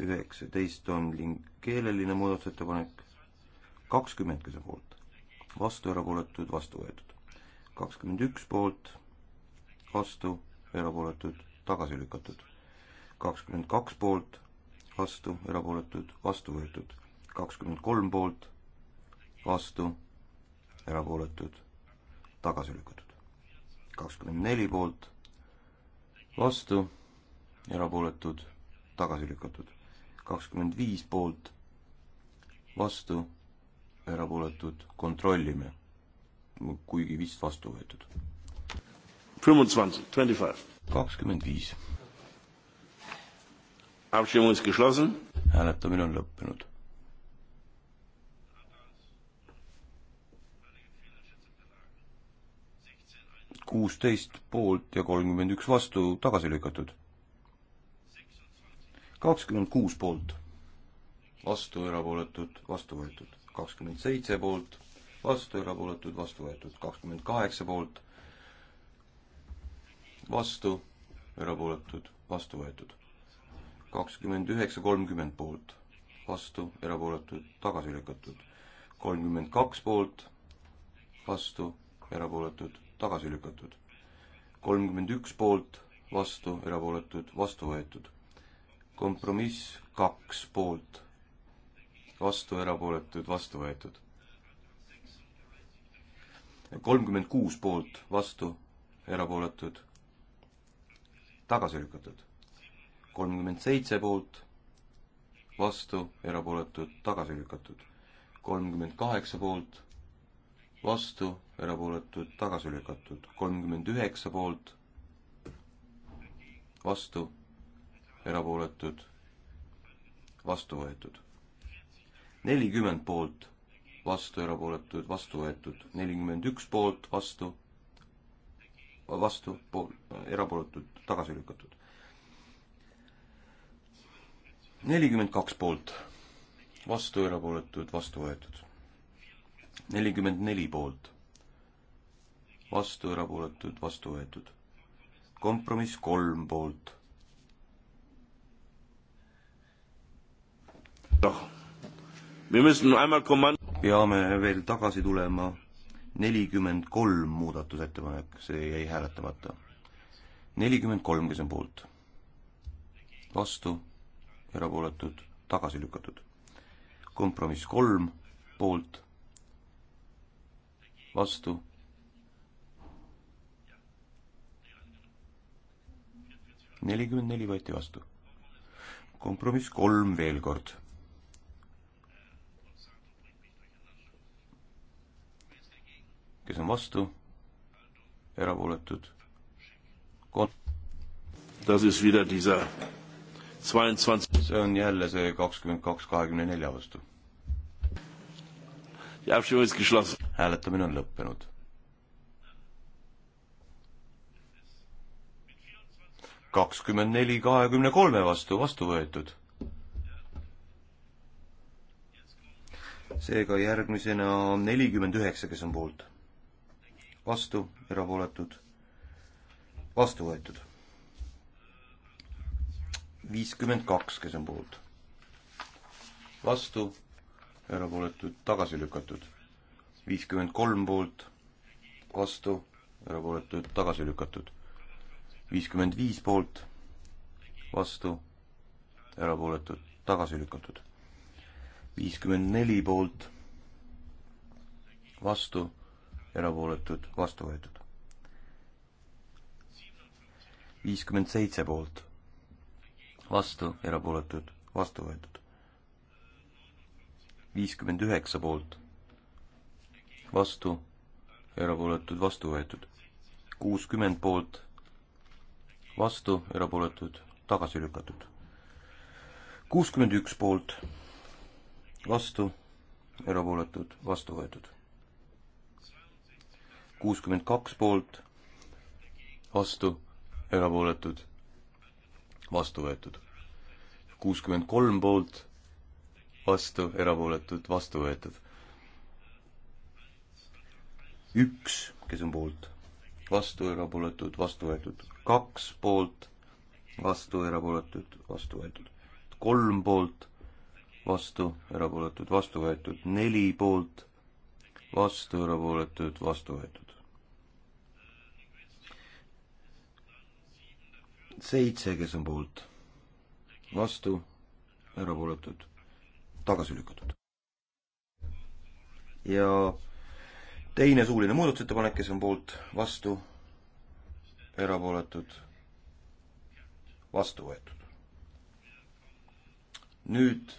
üheksateist on ling-, keeleline muudatusettepanek, kakskümmend, kes on poolt. vastu, erapooletud, vastu võetud. kakskümmend üks poolt, vastu, erapooletud tagasi lükatud. kakskümmend kaks poolt, vastu, erapooletud, vastu võetud. kakskümmend kolm poolt, vastu, erapooletud, tagasi lükatud. kakskümmend neli poolt, vastu, erapooletud, tagasi lükatud. kakskümmend viis poolt, vastu, erapooletud, kontrollime. kuigi vist vastu võetud 25. 25. kakskümmend viis. hääletamine on lõppenud. kuusteist poolt ja kolmkümmend üks vastu tagasi lükatud. kakskümmend kuus poolt, vastu erapooletud, vastu võetud. kakskümmend seitse poolt, vastu erapooletud, vastu võetud. kakskümmend kaheksa poolt vastu, erapooletud, vastu võetud. kakskümmend üheksa, kolmkümmend poolt, vastu, erapooletud, tagasi lükatud. kolmkümmend kaks poolt, vastu, erapooletud, tagasi lükatud. kolmkümmend üks poolt, vastu, erapooletud, vastu võetud. kompromiss kaks poolt, vastu, erapooletud, vastu võetud. kolmkümmend kuus poolt, vastu, erapooletud tagasi lükatud. kolmkümmend seitse poolt, vastu, erapooletud, tagasi lükatud. kolmkümmend kaheksa poolt, vastu, erapooletud, tagasi lükatud. kolmkümmend üheksa poolt, vastu, erapooletud, vastu võetud. nelikümmend poolt, vastu, erapooletud, vastu võetud. nelikümmend üks poolt, vastu vastu, pool, erapooletud tagasi lükatud. nelikümmend kaks poolt, vastu erapooletud, vastu võetud. nelikümmend neli poolt, vastu erapooletud, vastu võetud. kompromiss kolm poolt. peame veel tagasi tulema nelikümmend kolm muudatusettepanek, see jäi hääletamata nelikümmend kolm, kes on poolt. vastu, erapooletud, tagasi lükatud. kompromiss kolm, poolt, vastu. nelikümmend neli võeti vastu. kompromiss kolm veel kord kes on vastu, erapooletud, Das ist wieder dieser 22. see on jälle see kakskümmend kaks kahekümne nelja vastu. hääletamine on lõppenud. kakskümmend neli kahekümne kolme vastu, vastu võetud. seega järgmisena nelikümmend üheksa, kes on poolt. vastu, erapooletud vastu võetud. viiskümmend kaks, kes on poolt. vastu, erapooletud, tagasi lükatud. viiskümmend kolm poolt, vastu, erapooletud, tagasi lükatud. viiskümmend viis poolt, vastu, erapooletud, tagasi lükatud. viiskümmend neli poolt, vastu, erapooletud, vastu võetud viiskümmend seitse poolt, vastu, erapooletud, vastu võetud. viiskümmend üheksa poolt, vastu, erapooletud, vastu võetud. kuuskümmend poolt, vastu, erapooletud, tagasi lükatud. kuuskümmend üks poolt, vastu, erapooletud, vastu võetud. kuuskümmend kaks poolt, vastu erapooletud, vastu võetud. kuuskümmend kolm poolt, vastu, erapooletud, vastu võetud. üks, kes on poolt, vastu, erapooletud, vastu võetud. kaks poolt, vastu, erapooletud, vastu võetud. kolm poolt, vastu, erapooletud, vastu võetud. neli poolt, vastu, erapooletud, vastu võetud seitse, kes on poolt, vastu, erapooletud, tagasi lükatud. ja teine suuline muudatusettepanek, kes on poolt, vastu, erapooletud, vastu võetud. nüüd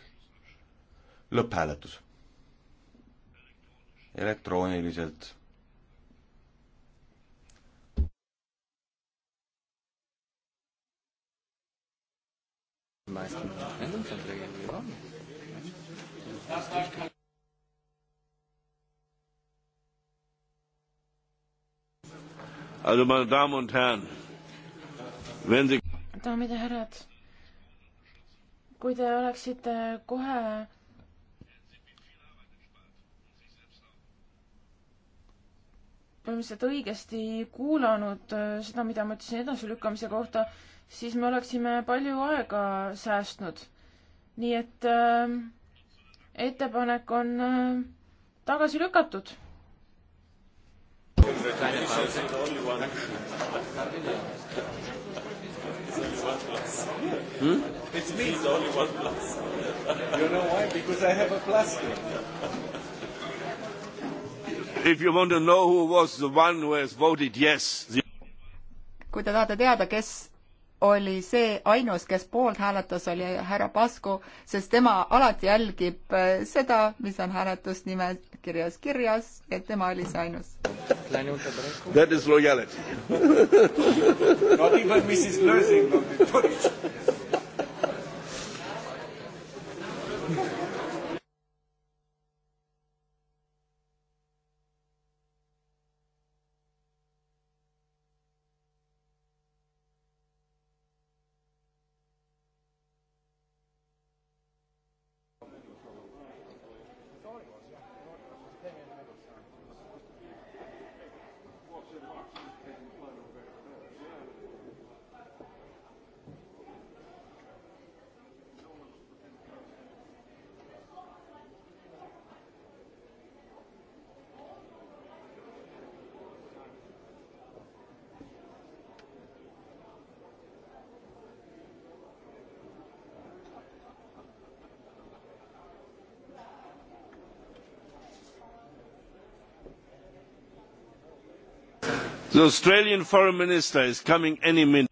lõpphääletus. elektrooniliselt meisten Änderungsanträge gewonnen. Also, meine Damen und Herren, wenn Sie. daamid ja härrad, kui te oleksite kohe põhimõtteliselt õigesti kuulanud äh, seda, mida ma ütlesin edasilükkamise kohta, siis me oleksime palju aega säästnud. nii et äh, ettepanek on äh, tagasi lükatud. Hmm? It's me. It's only one plus. you know why? Because I have a plus here. If you want to know who was the one who has voted yes the.... kui te tahate teada, kes oli see ainus, kes poolt hääletas, oli härra Pasku, sest tema alati jälgib äh, seda, mis on hääletusnimekirjas kirjas, et tema oli see ainus. That is loyalty. Not even Mrs Lösing not The Australian foreign minister is coming any minute.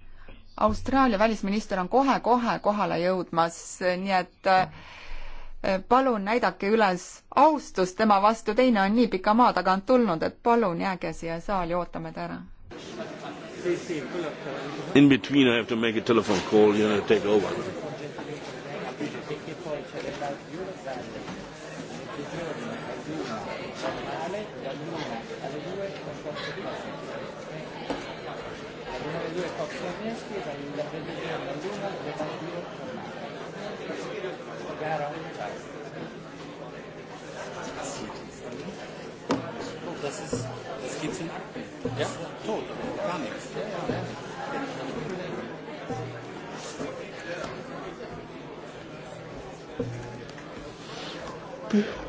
Austraalia välisminister on kohe-kohe kohale jõudmas, nii et äh, palun näidake üles austust tema vastu, teine on nii pika maa tagant tulnud, et palun jääge siia saali, ootame ta ära. In between I have to make a telephone call, you know, take over. Orsoniewski realizzatrice della Luna del Partito Formale. Gara un Tag. Das ist, das gibt's in Akten. Ja? Tot. Gar nichts. Ja, ja, ja. Thank you.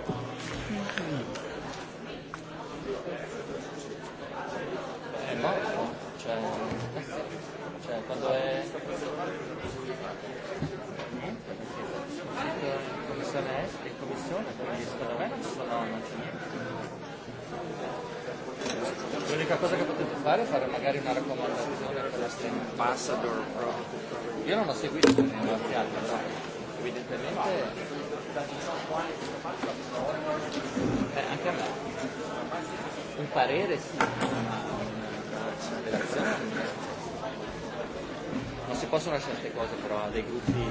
parere sì. Non si possono lasciare queste cose però a dei gruppi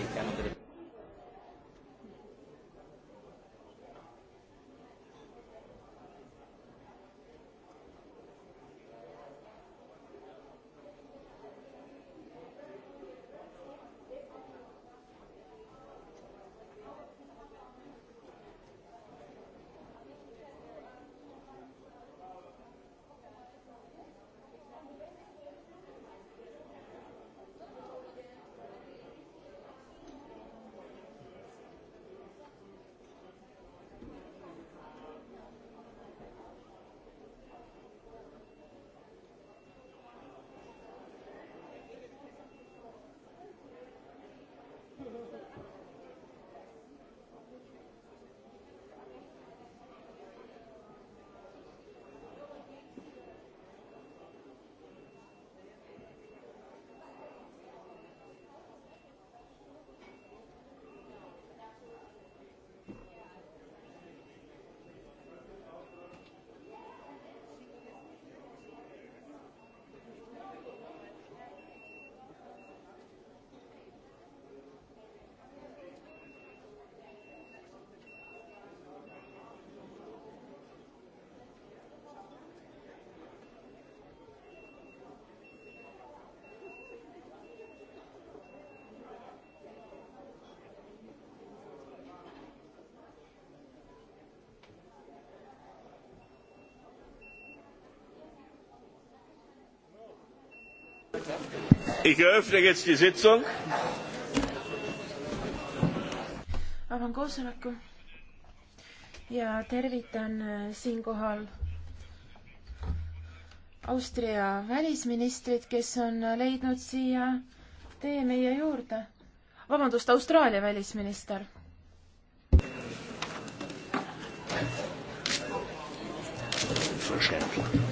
Ich eröffne jetzt die Sitzung. avan koosoleku ja tervitan äh, siinkohal Austria välisministrit, kes on äh, leidnud siia tee meie juurde. vabandust, Austraalia välisminister verschärfen.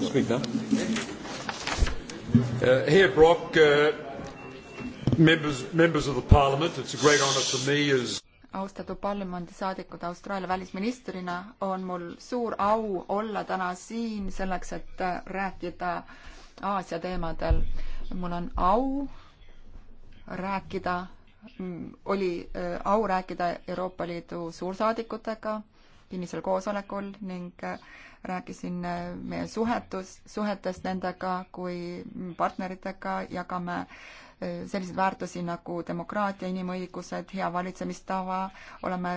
Speak now. Uh, here, Brock. Uh, austatud parlamendisaadikud, Austraalia välisministrina on mul suur au olla täna siin selleks, et äh, rääkida Aasia teemadel. mul on au rääkida, oli äh, au rääkida Euroopa Liidu suursaadikutega kinnisel koosolekul ning äh, rääkisin meie suhetus, suhetest nendega kui partneritega, jagame äh, selliseid väärtusi nagu demokraatia, inimõigused, hea valitsemistava, oleme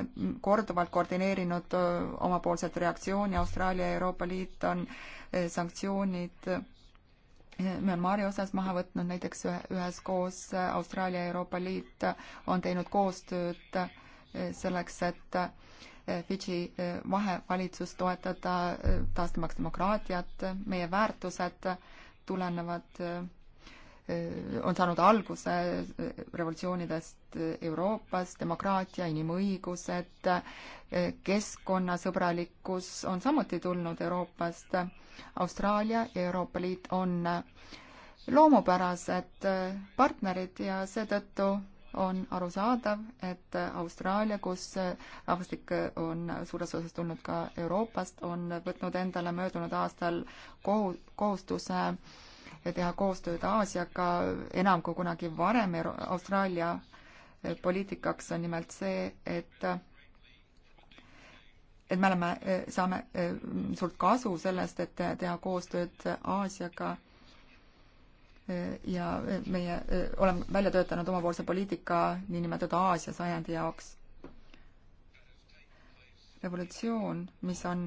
korduvalt koordineerinud äh, omapoolset reaktsiooni, Austraalia ja Euroopa Liit on äh, sanktsioonid äh, Myanmari osas maha võtnud, näiteks üheskoos Austraalia ja Euroopa Liit on teinud koostööd selleks, et Fidži vahevalitsust toetada, taastamaks demokraatiat, meie väärtused tulenevad Äh, on saanud alguse äh, revolutsioonidest äh, Euroopas, demokraatia, inimõigused, keskkonnasõbralikkus on samuti tulnud Euroopast. Austraalia ja Euroopa Liit on loomupärased partnerid ja seetõttu on arusaadav, et Austraalia, kus rahvastik on suures osas tulnud ka Euroopast, on võtnud endale möödunud aastal kohu-, kohustuse äh, teha koostööd Aasiaga enam kui kunagi varem. Austraalia eh, poliitikaks on nimelt see, et et me oleme, eh, saame eh, suurt kasu sellest, et teha koostööd Aasiaga ja meie oleme välja töötanud omapoolse poliitika niinimetatud Aasia sajandi jaoks. revolutsioon, mis on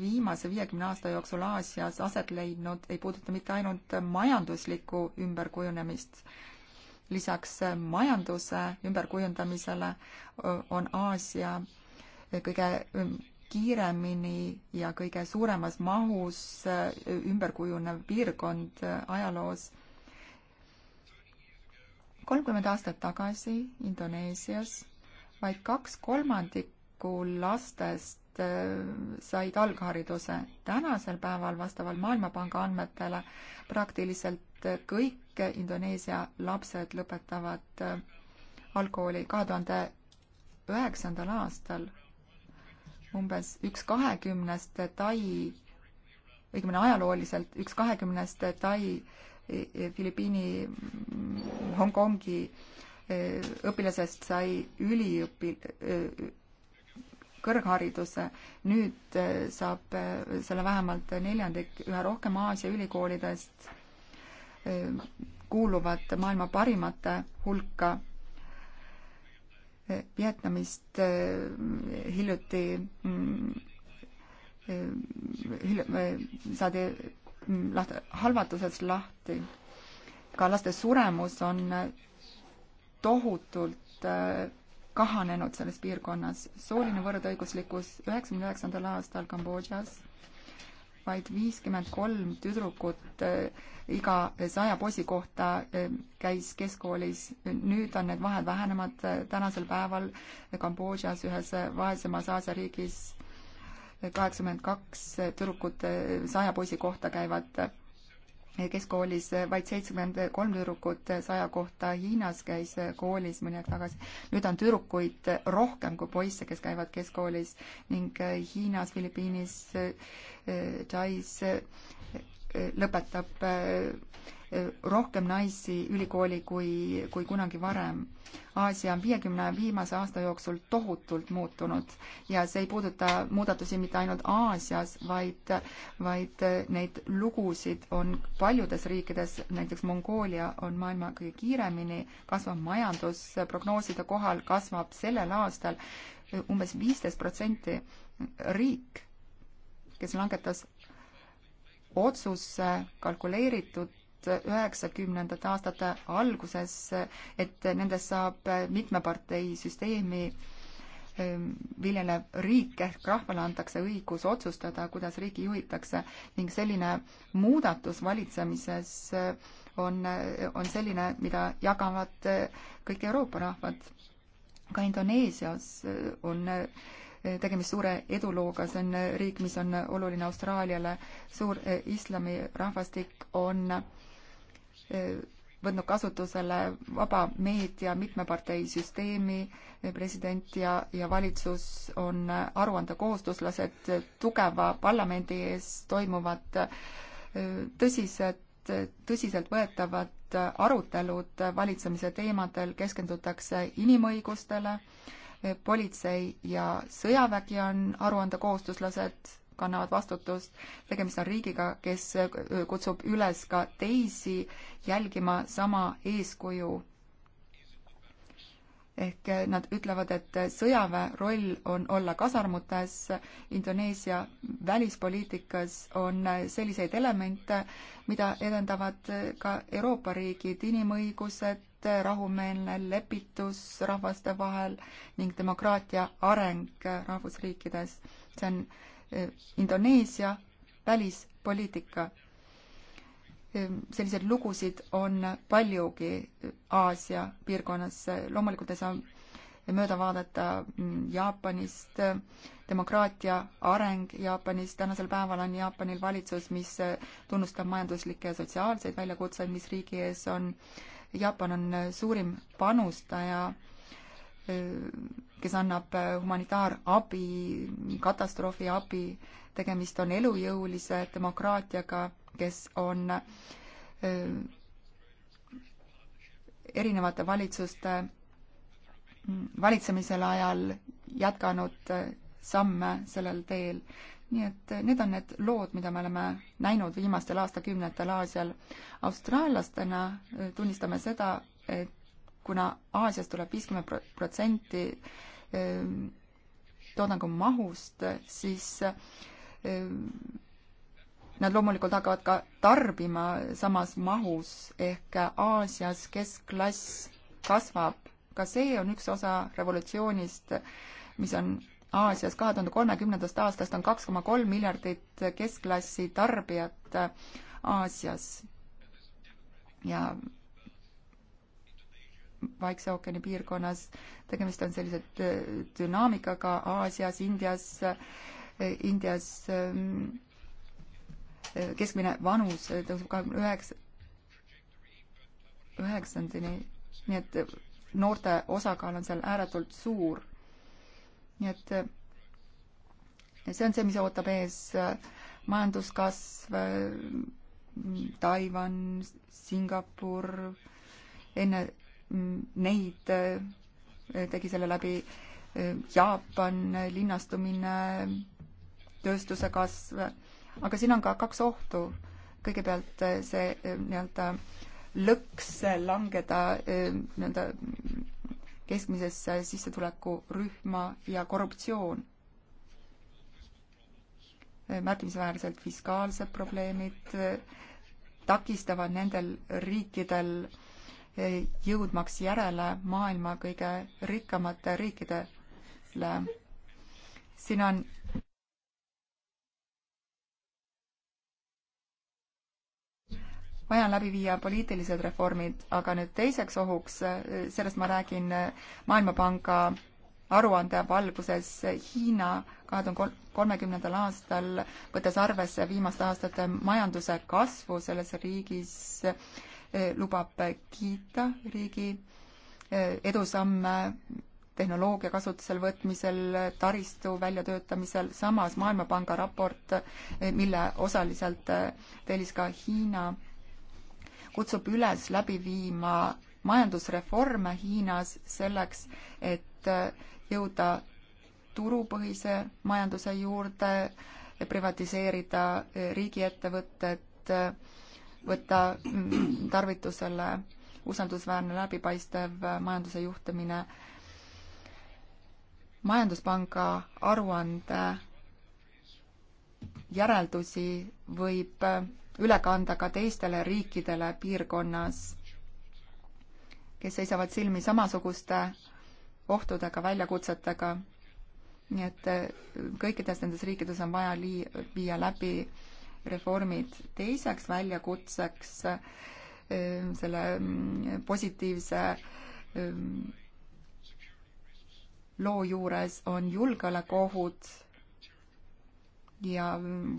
viimase viiekümne aasta jooksul Aasias aset leidnud, ei puuduta mitte ainult majanduslikku ümberkujunemist, lisaks majanduse ümberkujundamisele on Aasia kõige kiiremini ja kõige suuremas mahus ümberkujunev piirkond ajaloos. kolmkümmend aastat tagasi Indoneesias vaid kaks kolmandikku lastest lapsed äh, said alghariduse. tänasel päeval vastaval Maailmapanga andmetele praktiliselt äh, kõik Indoneesia lapsed lõpetavad äh, algkooli kahe tuhande üheksandal aastal. umbes üks kahekümnest Tai, õigemini ajalooliselt üks kahekümnest Tai e, e, Filipiini, mm, Hongkongi e, õpilasest sai üliõpi-, kõrghariduse. nüüd äh, saab äh, selle vähemalt neljandik, üha rohkem Aasia ülikoolidest äh, kuuluvad maailma parimate hulka. Vietnamist hiljuti mm, saadi mm, laht-, halvatusest lahti. ka laste suremus on tohutult kahanenud selles piirkonnas. sooline võrdõiguslikkus üheksakümne üheksandal aastal Kambodžas vaid viiskümmend kolm tüdrukut eh, iga saja poisi kohta eh, käis keskkoolis. nüüd on need vahed vähenevad tänasel päeval Kambodžas, ühes vaesemas Aasia riigis kaheksakümmend kaks tüdrukut eh, saja poisi kohta käivad keskkoolis vaid seitsekümmend kolm tüdrukut saja kohta, Hiinas käis koolis mõni aeg tagasi. nüüd on tüdrukuid rohkem kui poisse, kes käivad keskkoolis ning Hiinas, Filipiinis, Tais lõpetab rohkem naisi ülikooli kui, kui kunagi varem. Aasia on viiekümne viimase aasta jooksul tohutult muutunud ja see ei puuduta muudatusi mitte ainult Aasias, vaid, vaid neid lugusid on paljudes riikides, näiteks Mongoolia on maailma kõige kiiremini kasvav majandus, prognooside kohal kasvab sellel aastal umbes viisteist protsenti riik, kes langetas otsuse kalkuleeritud tuhat üheksakümnendate aastate alguses, et nendest saab mitmeparteisüsteemi viljelev ehm, riik ehk rahvale antakse õigus otsustada, kuidas riiki juhitakse ning selline muudatus valitsemises eh, on, eh, on selline, mida jagavad eh, kõik Euroopa rahvad. ka Indoneesias on tegemist suure edulooga, see on riik, mis on oluline Austraaliale, suur islamiraahvastik on äh, võtnud kasutusele vaba meedia mitmeparteisüsteemi, president ja, ja valitsus on aruandekohustuslased tugeva parlamendi ees toimuvad äh, tõsised, tõsiseltvõetavad arutelud valitsemise teemadel, keskendutakse inimõigustele, politsei ja sõjavägi on aruandekohustuslased kannavad vastutust. tegemist on riigiga, kes kutsub üles ka teisi jälgima sama eeskuju. ehk eh, nad ütlevad, et sõjaväe roll on olla kasarmutes, Indoneesia välispoliitikas on eh, selliseid elemente, mida edendavad eh, ka Euroopa riigid, inimõigused, et rahumeelne lepitus rahvaste vahel ning demokraatia areng rahvusriikides. see on Indoneesia välispoliitika. selliseid lugusid on paljugi Aasia piirkonnas, loomulikult ei saa mööda vaadata mm, Jaapanist, demokraatia areng Jaapanis, tänasel päeval on Jaapanil valitsus, mis tunnustab majanduslikke ja sotsiaalseid väljakutseid, mis riigi ees on. Jaapan on suurim panustaja äh, kes annab äh, humanitaarabi, katastroofiabi, tegemist on elujõulise demokraatiaga, kes on äh, erinevate valitsuste mm, valitsemisel ajal jätkanud äh, samme sellel teel. nii et need on need lood, mida me oleme näinud viimastel aastakümnetel Aasial. austraallastena tunnistame seda, et kuna Aasiast tuleb viiskümmend protsenti ehm, toodangu mahust, siis ehm, nad loomulikult hakkavad ka tarbima samas mahus, ehk Aasias keskklass kasvab. ka see on üks osa revolutsioonist, mis on Aasias kahe tuhande kolmekümnendast aastast on kaks koma kolm miljardit keskklassi tarbijat Aasias. ja Vaikse ookeani piirkonnas, tegemist on sellise dünaamikaga Aasias, Indias, Indias ähm, keskmine vanus tõuseb kahekümne üheksa, üheksandini, nii et noorte osakaal on seal ääretult suur. nii et see on see, mis ootab ees äh, majanduskasv, äh, Taiwan, Singapur, enne neid äh, tegi selle läbi äh, Jaapan, linnastumine, tööstuse kasv, aga siin on ka kaks ohtu. kõigepealt äh, see nii-öelda lõks langeda nii-öelda keskmisesse sissetulekurühma ja korruptsioon märkimisväärselt fiskaalsed probleemid takistavad nendel riikidel jõudmaks järele maailma kõige rikkamate riikidele. siin on vaja on läbi viia poliitilised reformid, aga nüüd teiseks ohuks, sellest ma räägin Maailmapanga aruande valguses Hiina kahe tuhande kolmekümnendal aastal, võttes arvesse viimaste aastate majanduse kasvu selles riigis, Eh, lubab kiita riigi eh, edusamme tehnoloogia kasutusele võtmisel, taristu väljatöötamisel, samas Maailmapanga raport, eh, mille osaliselt tellis ka Hiina, kutsub üles läbi viima majandusreforme Hiinas selleks, et jõuda turupõhise majanduse juurde, privatiseerida riigiettevõtted, võtta mm, tarvitusele usaldusväärne, läbipaistev majanduse juhtimine. majanduspanga aruande järeldusi võib üle kanda ka teistele riikidele piirkonnas, kes seisavad silmi samasuguste ohtudega, väljakutsetega. nii et kõikides nendes riikides on vaja lii-, viia läbi reformid. teiseks väljakutseks ehm, selle mm, positiivse ehm, loo juures on julgeolekuohud ja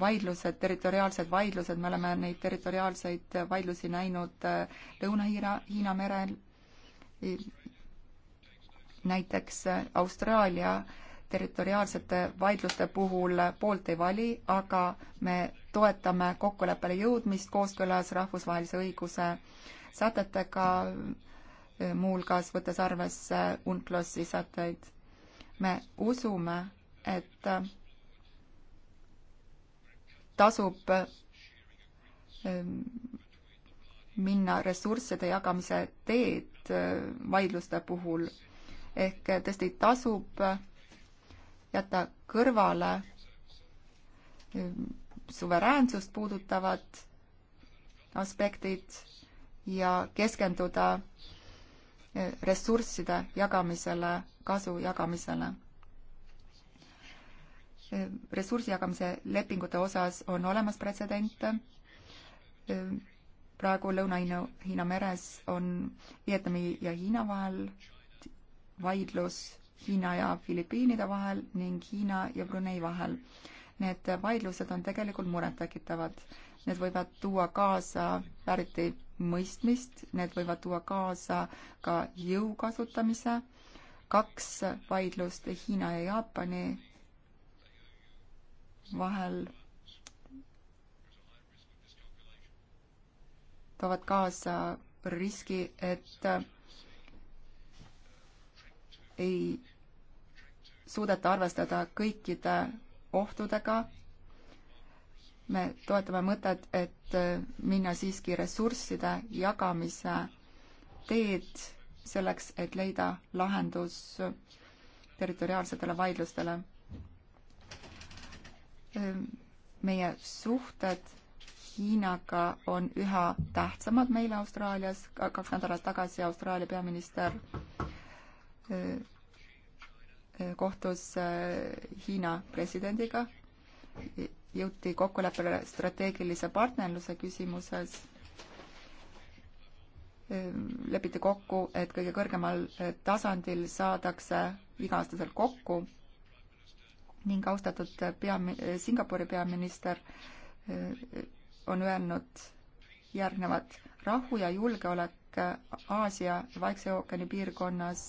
vaidlused, territoriaalsed vaidlused, me oleme neid territoriaalseid vaidlusi näinud eh, Lõuna-Hiina, Hiina merel, näiteks Austraalia äh, territoriaalsete vaidluste puhul poolt ei vali, aga me toetame kokkuleppele jõudmist kooskõlas rahvusvahelise õiguse sätetega, muuhulgas võttes arvesse UNCLOS-i sätteid. me usume, et tasub ehm, minna ressursside jagamise teed ehm, vaidluste puhul. ehk tõesti tasub jätta kõrvale ehm, suveräänsust puudutavad aspektid ja keskenduda eh, ressursside jagamisele, kasu jagamisele. Ehm, ressursi jagamise lepingute osas on olemas pretsedente. Ehm, praegu Lõuna-Hiina, Hiina meres on Vietnami ja Hiina vahel vaidlus Hiina ja Filipiinide vahel ning Hiina ja Brunei vahel. Need vaidlused on tegelikult murettekitavad. Need võivad tuua kaasa vääriti mõistmist, need võivad tuua kaasa ka jõu kasutamise. kaks vaidlust Hiina ja Jaapani vahel toovad kaasa riski, et ei suudeta arvestada kõikide ohtudega. me toetame mõtet, et minna siiski ressursside jagamise teed selleks, et leida lahendus territoriaalsetele vaidlustele. meie suhted Hiinaga on üha tähtsamad meile Austraalias, kaks nädalat tagasi Austraalia peaminister kohtus äh, Hiina presidendiga, jõuti kokkuleppele strateegilise partnerluse küsimuses, ehm, lepiti kokku, et kõige kõrgemal äh, tasandil saadakse iga-aastaselt kokku ning austatud peami-, äh, Singapuri peaminister on öelnud järgnevat, rahu ja julgeolek Aasia Vaikse ookeani piirkonnas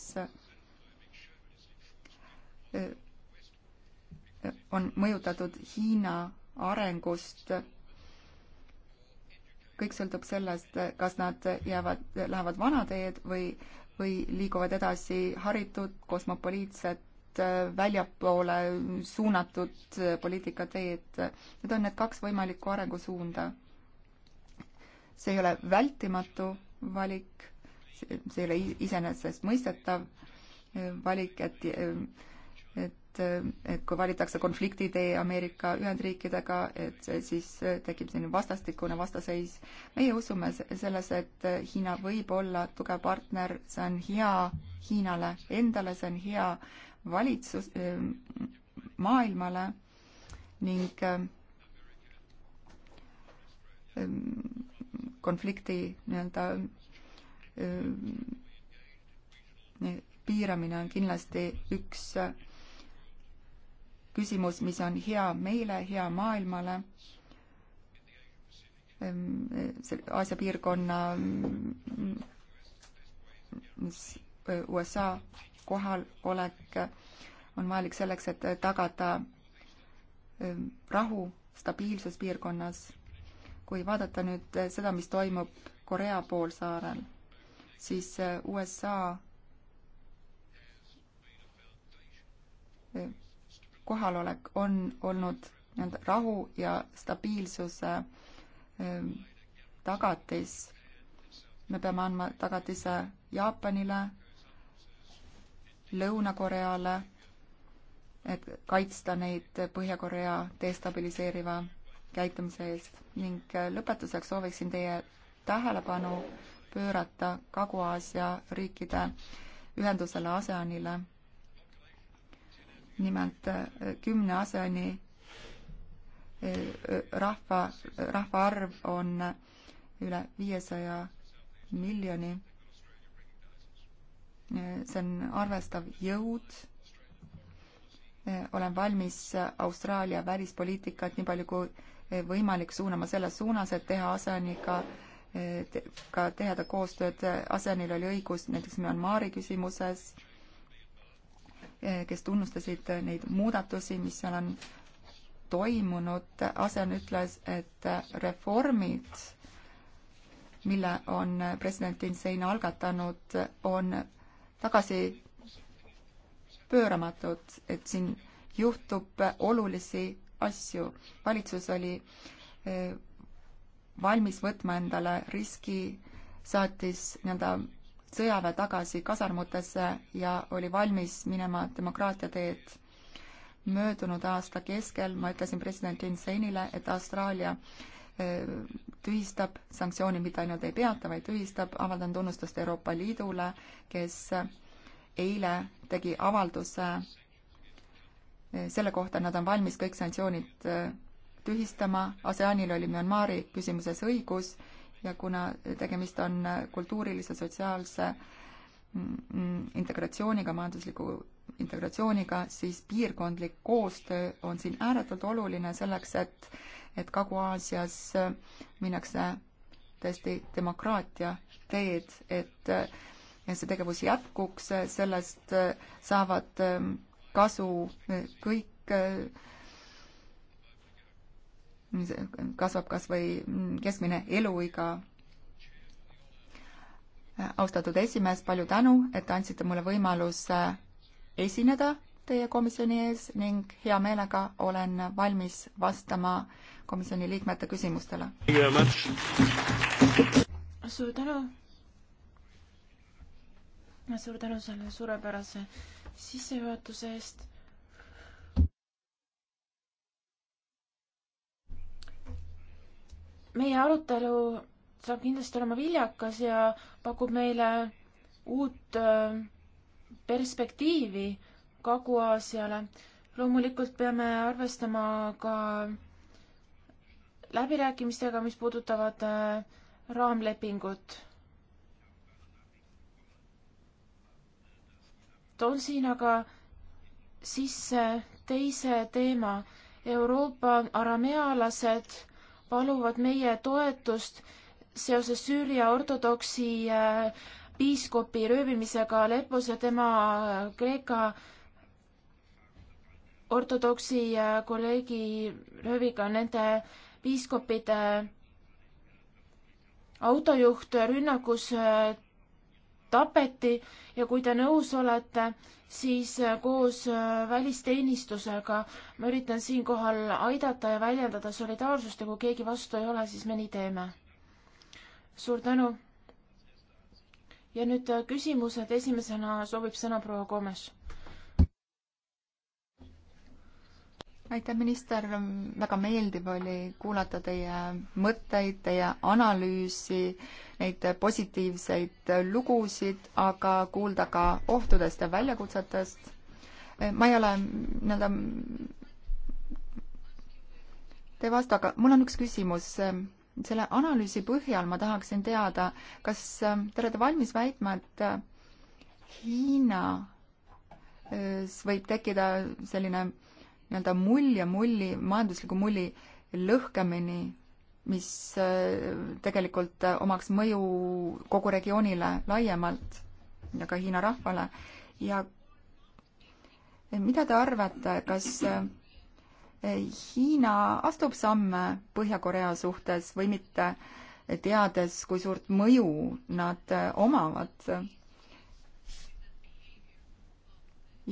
on mõjutatud Hiina arengust. kõik sõltub sellest, kas nad jäävad, lähevad vana teed või, või liiguvad edasi haritud, kosmopoliitset, väljapoole suunatud poliitika teed. Need on need kaks võimalikku arengusuunda. see ei ole vältimatu valik, see ei ole iseenesestmõistetav valik, et et, et kui valitakse konfliktitee Ameerika Ühendriikidega, et siis tekib selline vastastikune vastaseis. meie usume selles, et Hiina võib olla tugev partner, see on hea Hiinale endale, see on hea valitsus, ehm, maailmale ning ehm, konflikti nii-öelda ehm, piiramine on kindlasti üks küsimus, mis on hea meile, hea maailmale, ehm, Aasia piirkonna mm, USA kohalolek on vajalik selleks, et tagada ehm, rahu, stabiilsus piirkonnas. kui vaadata nüüd seda, mis toimub Korea poolsaarel, siis USA ehm, kohalolek on olnud nii-öelda rahu ja stabiilsuse ähm, tagatis. me peame andma tagatise Jaapanile, Lõuna-Koreale, et kaitsta neid Põhja-Korea destabiliseeriva käitumise eest ning äh, lõpetuseks sooviksin teie tähelepanu pöörata Kagu-Aasia riikide ühendusele ASEANile nimelt eh, kümne aseni eh, rahva, rahvaarv on üle viiesaja miljoni. Eh, see on arvestav jõud. olen valmis Austraalia välispoliitikat nii palju kui võimalik suunama selles suunas, et teha aseniga ka tiheda koostööd, asenil oli õigus näiteks Myanmari küsimuses Eh, kes tunnustasid eh, neid muudatusi, mis seal on toimunud. ASEAN ütles, et eh, reformid, mille on president Insein algatanud, on tagasipööramatud, et siin juhtub olulisi asju. valitsus oli valmis võtma endale riski, saatis nii-öelda sõjaväe tagasi kasarmutesse ja oli valmis minema demokraatia teed. möödunud aasta keskel ma ütlesin president Linseinile, et Austraalia eh, tühistab sanktsioonid, mitte ainult ei peata, vaid tühistab, avaldan tunnustust Euroopa Liidule, kes eile tegi avalduse eh, selle kohta, et nad on valmis kõik sanktsioonid eh, tühistama, ASEANil oli Myanmari küsimuses õigus ja kuna tegemist on kultuurilise, sotsiaalse integratsiooniga, majandusliku integratsiooniga, siis piirkondlik koostöö on siin ääretult oluline selleks, et, et Kagu-Aasias minnakse tõesti demokraatia teed, et see tegevus jätkuks, sellest saavad kasu kõik kasvab kas või keskmine eluiga. austatud esimees, palju tänu, et andsite mulle võimaluse esineda teie komisjoni ees ning hea meelega olen valmis vastama komisjoni liikmete küsimustele. suur tänu. suur tänu selle suurepärase sissejuhatuse eest meie arutelu saab kindlasti olema viljakas ja pakub meile uut äh, perspektiivi Kagu-Aasiale. loomulikult peame arvestama ka läbirääkimistega, mis puudutavad äh, raamlepingut. toon siin aga sisse teise teema. Euroopa aramealased paluvad meie toetust seoses Süüria ortodoksi äh, piiskopi röövimisega Lepos ja tema äh, Kreeka ortodoksi äh, kolleegi rööviga nende piiskopide autojuht rünnakus tapeti ja kui te nõus olete, siis koos äh, välisteenistusega ma üritan siinkohal aidata ja väljendada solidaarsust ja kui keegi vastu ei ole, siis me nii teeme. suur tänu. ja nüüd äh, küsimused, esimesena soovib sõna proua Komes aitäh, minister, väga meeldiv oli kuulata teie mõtteid, teie analüüsi, neid positiivseid lugusid, aga kuulda ka ohtudest ja väljakutsetest. ma ei ole nii-öelda Te ei vasta, aga mul on üks küsimus. selle analüüsi põhjal ma tahaksin teada, kas te olete valmis väitma, et Hiinas võib tekkida selline äh, nii-öelda mulje, mulli, majandusliku mulli lõhkemini, mis äh, tegelikult äh, omaks mõju kogu regioonile laiemalt ja ka Hiina rahvale. ja äh, mida te arvate, kas Hiina astub samme Põhja-Korea suhtes või mitte, teades, kui suurt mõju nad omavad?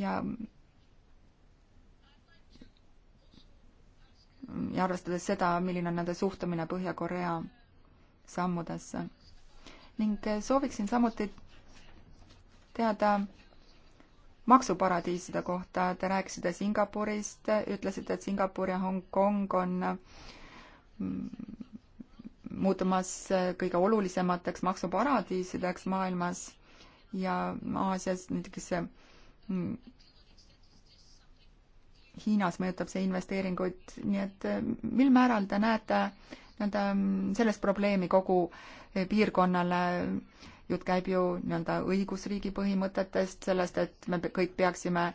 ja ja arvestades seda, milline on nende suhtumine Põhja-Korea sammudesse. ning eh, sooviksin samuti teada maksuparadiiside kohta, te rääkisite Singapurist, ütlesite, et Singapur ja Hongkong on mm, muutumas eh, kõige olulisemateks maksuparadiisideks maailmas ja Aasias näiteks mm, Hiinas mõjutab see investeeringuid, nii et äh, mil määral te näete nii-öelda mm, sellest probleemi kogu äh, piirkonnale, jutt käib ju nii-öelda õigusriigi põhimõtetest, sellest, et me kõik peaksime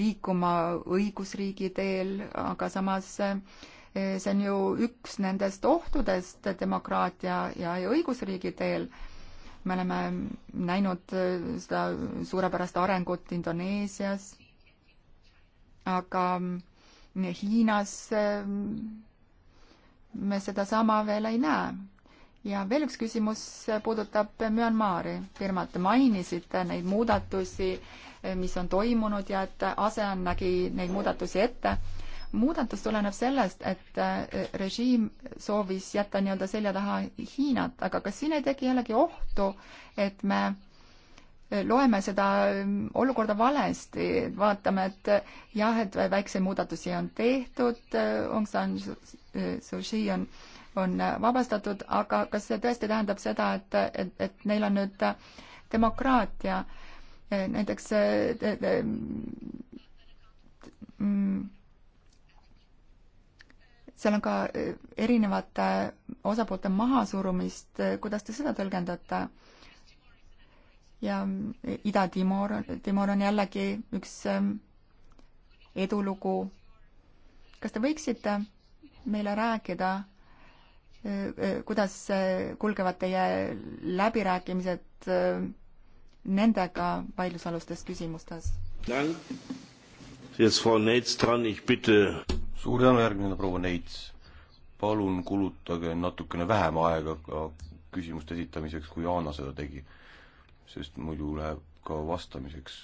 liikuma õigusriigi teel, aga samas äh, see on ju üks nendest ohtudest demokraatia ja, ja õigusriigi teel. me oleme näinud seda suurepärast arengut Indoneesias aga mm, Hiinas mm, me sedasama veel ei näe. ja veel üks küsimus puudutab Myanmari firmat. Te mainisite neid muudatusi, mis on toimunud ja et ASEAN nägi neid muudatusi ette. muudatus tuleneb sellest, et e, režiim soovis jätta nii-öelda selja taha Hiinat, aga kas siin ei teki jällegi ohtu, et me loeme seda olukorda valesti, vaatame, et jah, et väikseid muudatusi on tehtud, Aung San Suu Kyi on, on vabastatud, aga kas see tõesti tähendab seda, et, et, et neil on nüüd demokraatia, näiteks te, te, mm, seal on ka erinevate osapoolte mahasurumist, kuidas te seda tõlgendate? ja eh, Ida-Timor, Timor on jällegi üks ehm, edulugu. kas te võiksite meile rääkida, eh, eh, kuidas kulgevad teie läbirääkimised nendega vaidlusalustes küsimustes? suur tänu, järgmine proua Neits. palun kulutage natukene vähem aega küsimuste esitamiseks, kui Anna seda tegi sest muidu läheb ka vastamiseks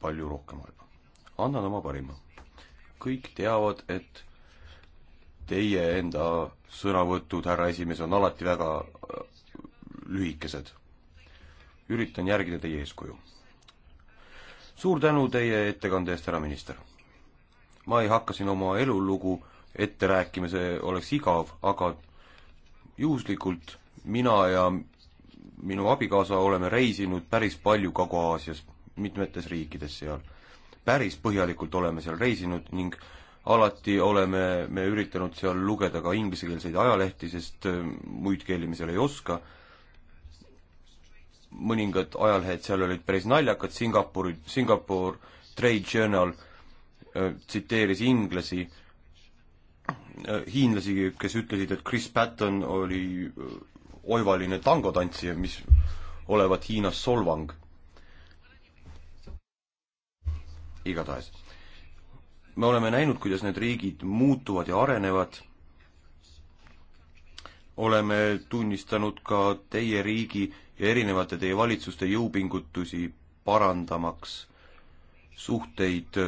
palju rohkem aega. annan oma parima. kõik teavad, et teie enda sõnavõtud, härra esimees, on alati väga äh, lühikesed. üritan järgida teie eeskuju. suur tänu teie ettekande eest, härra minister. ma ei hakka siin oma elulugu ette rääkima, see oleks igav, aga juhuslikult mina ja minu abikaasa oleme reisinud päris palju Kagu-Aasias, mitmetes riikides seal. päris põhjalikult oleme seal reisinud ning alati oleme me üritanud seal lugeda ka inglisekeelseid ajalehti, sest äh, muid keeli me seal ei oska. mõningad ajalehed seal olid päris naljakad, Singapuri, Singapur Trade Journal äh, tsiteeris inglasi äh,, hiinlasi, kes ütlesid, et Chris Patton oli äh, oivaline tangotantsija, mis olevat Hiinas solvang. igatahes, me oleme näinud, kuidas need riigid muutuvad ja arenevad, oleme tunnistanud ka teie riigi ja erinevate teie valitsuste jõupingutusi parandamaks suhteid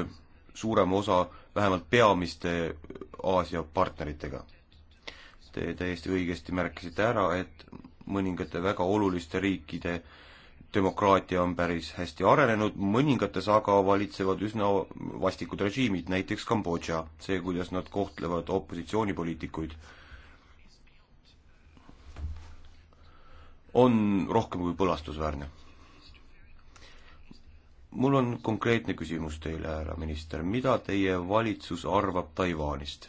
suurema osa vähemalt peamiste Aasia partneritega Te täiesti õigesti märkisite ära, et mõningate väga oluliste riikide demokraatia on päris hästi arenenud, mõningates aga valitsevad üsna vastikud režiimid, näiteks Kambodža, see, kuidas nad kohtlevad opositsioonipoliitikuid, on rohkem kui põlastusväärne. mul on konkreetne küsimus teile, härra minister, mida teie valitsus arvab Taiwanist?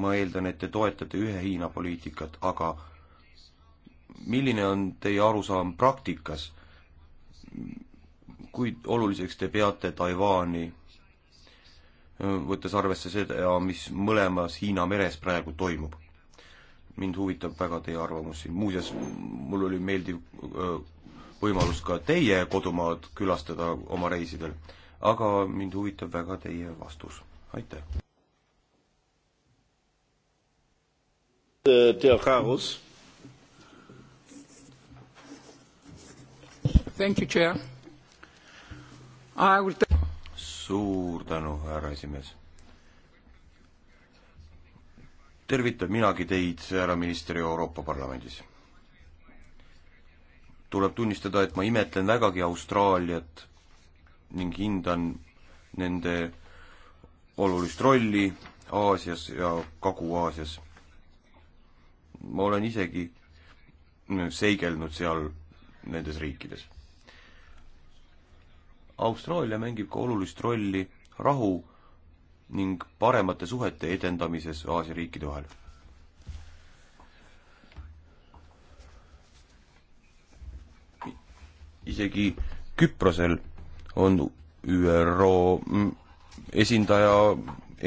ma eeldan, et te toetate ühe Hiina poliitikat, aga milline on teie arusaam praktikas, kui oluliseks te peate Taiwan'i, võttes arvesse seda, mis mõlemas Hiina meres praegu toimub? mind huvitab väga teie arvamus siin, muuseas mul oli meeldiv võimalus ka teie kodumaad külastada oma reisidel, aga mind huvitab väga teie vastus, aitäh! Äh, Theocharos. Thank you, Chair. I will suur tänu, härra esimees. tervitan minagi teid, härra minister, Euroopa Parlamendis. tuleb tunnistada, et ma imetlen vägagi Austraaliat ning hindan nende olulist rolli Aasias ja Kagu-Aasias ma olen isegi seigelnud seal nendes riikides. Austraalia mängib ka olulist rolli rahu ning paremate suhete edendamises Aasia riikide vahel. isegi Küprosel on ÜRO esindaja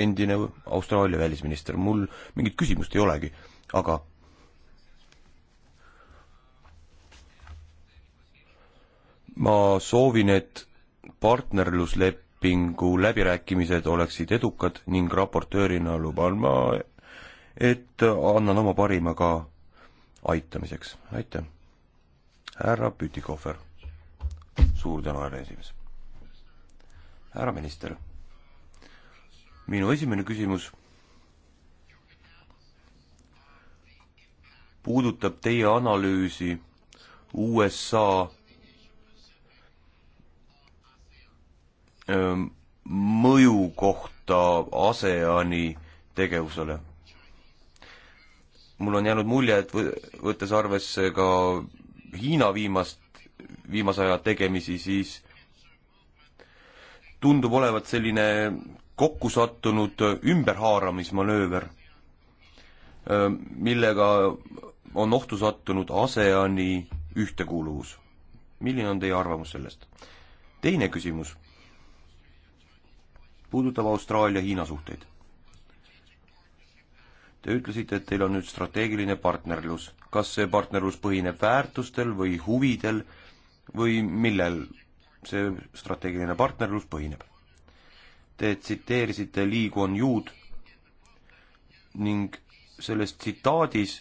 endine Austraalia välisminister, mul mingit küsimust ei olegi, aga ma soovin, et partnerluslepingu läbirääkimised oleksid edukad ning raportöörina luban ma, et annan oma parima ka aitamiseks, aitäh. härra Pütikohver, suur tänu, härra esimees. härra minister, minu esimene küsimus puudutab teie analüüsi USA Ähm, mõju kohta ASEAN-i tegevusele. mul on jäänud mulje, et võttes arvesse ka Hiina viimast, viimase aja tegemisi, siis tundub olevat selline kokkusattunud ümberhaaramismanööver, ähm, millega on ohtu sattunud ASEAN-i ühtekuuluvus. milline on teie arvamus sellest? teine küsimus puudutab Austraalia-Hiina suhteid. Te ütlesite, et teil on nüüd strateegiline partnerlus. kas see partnerlus põhineb väärtustel või huvidel või millel see strateegiline partnerlus põhineb? Te tsiteerisite Lee Kuan-Yud ning selles tsitaadis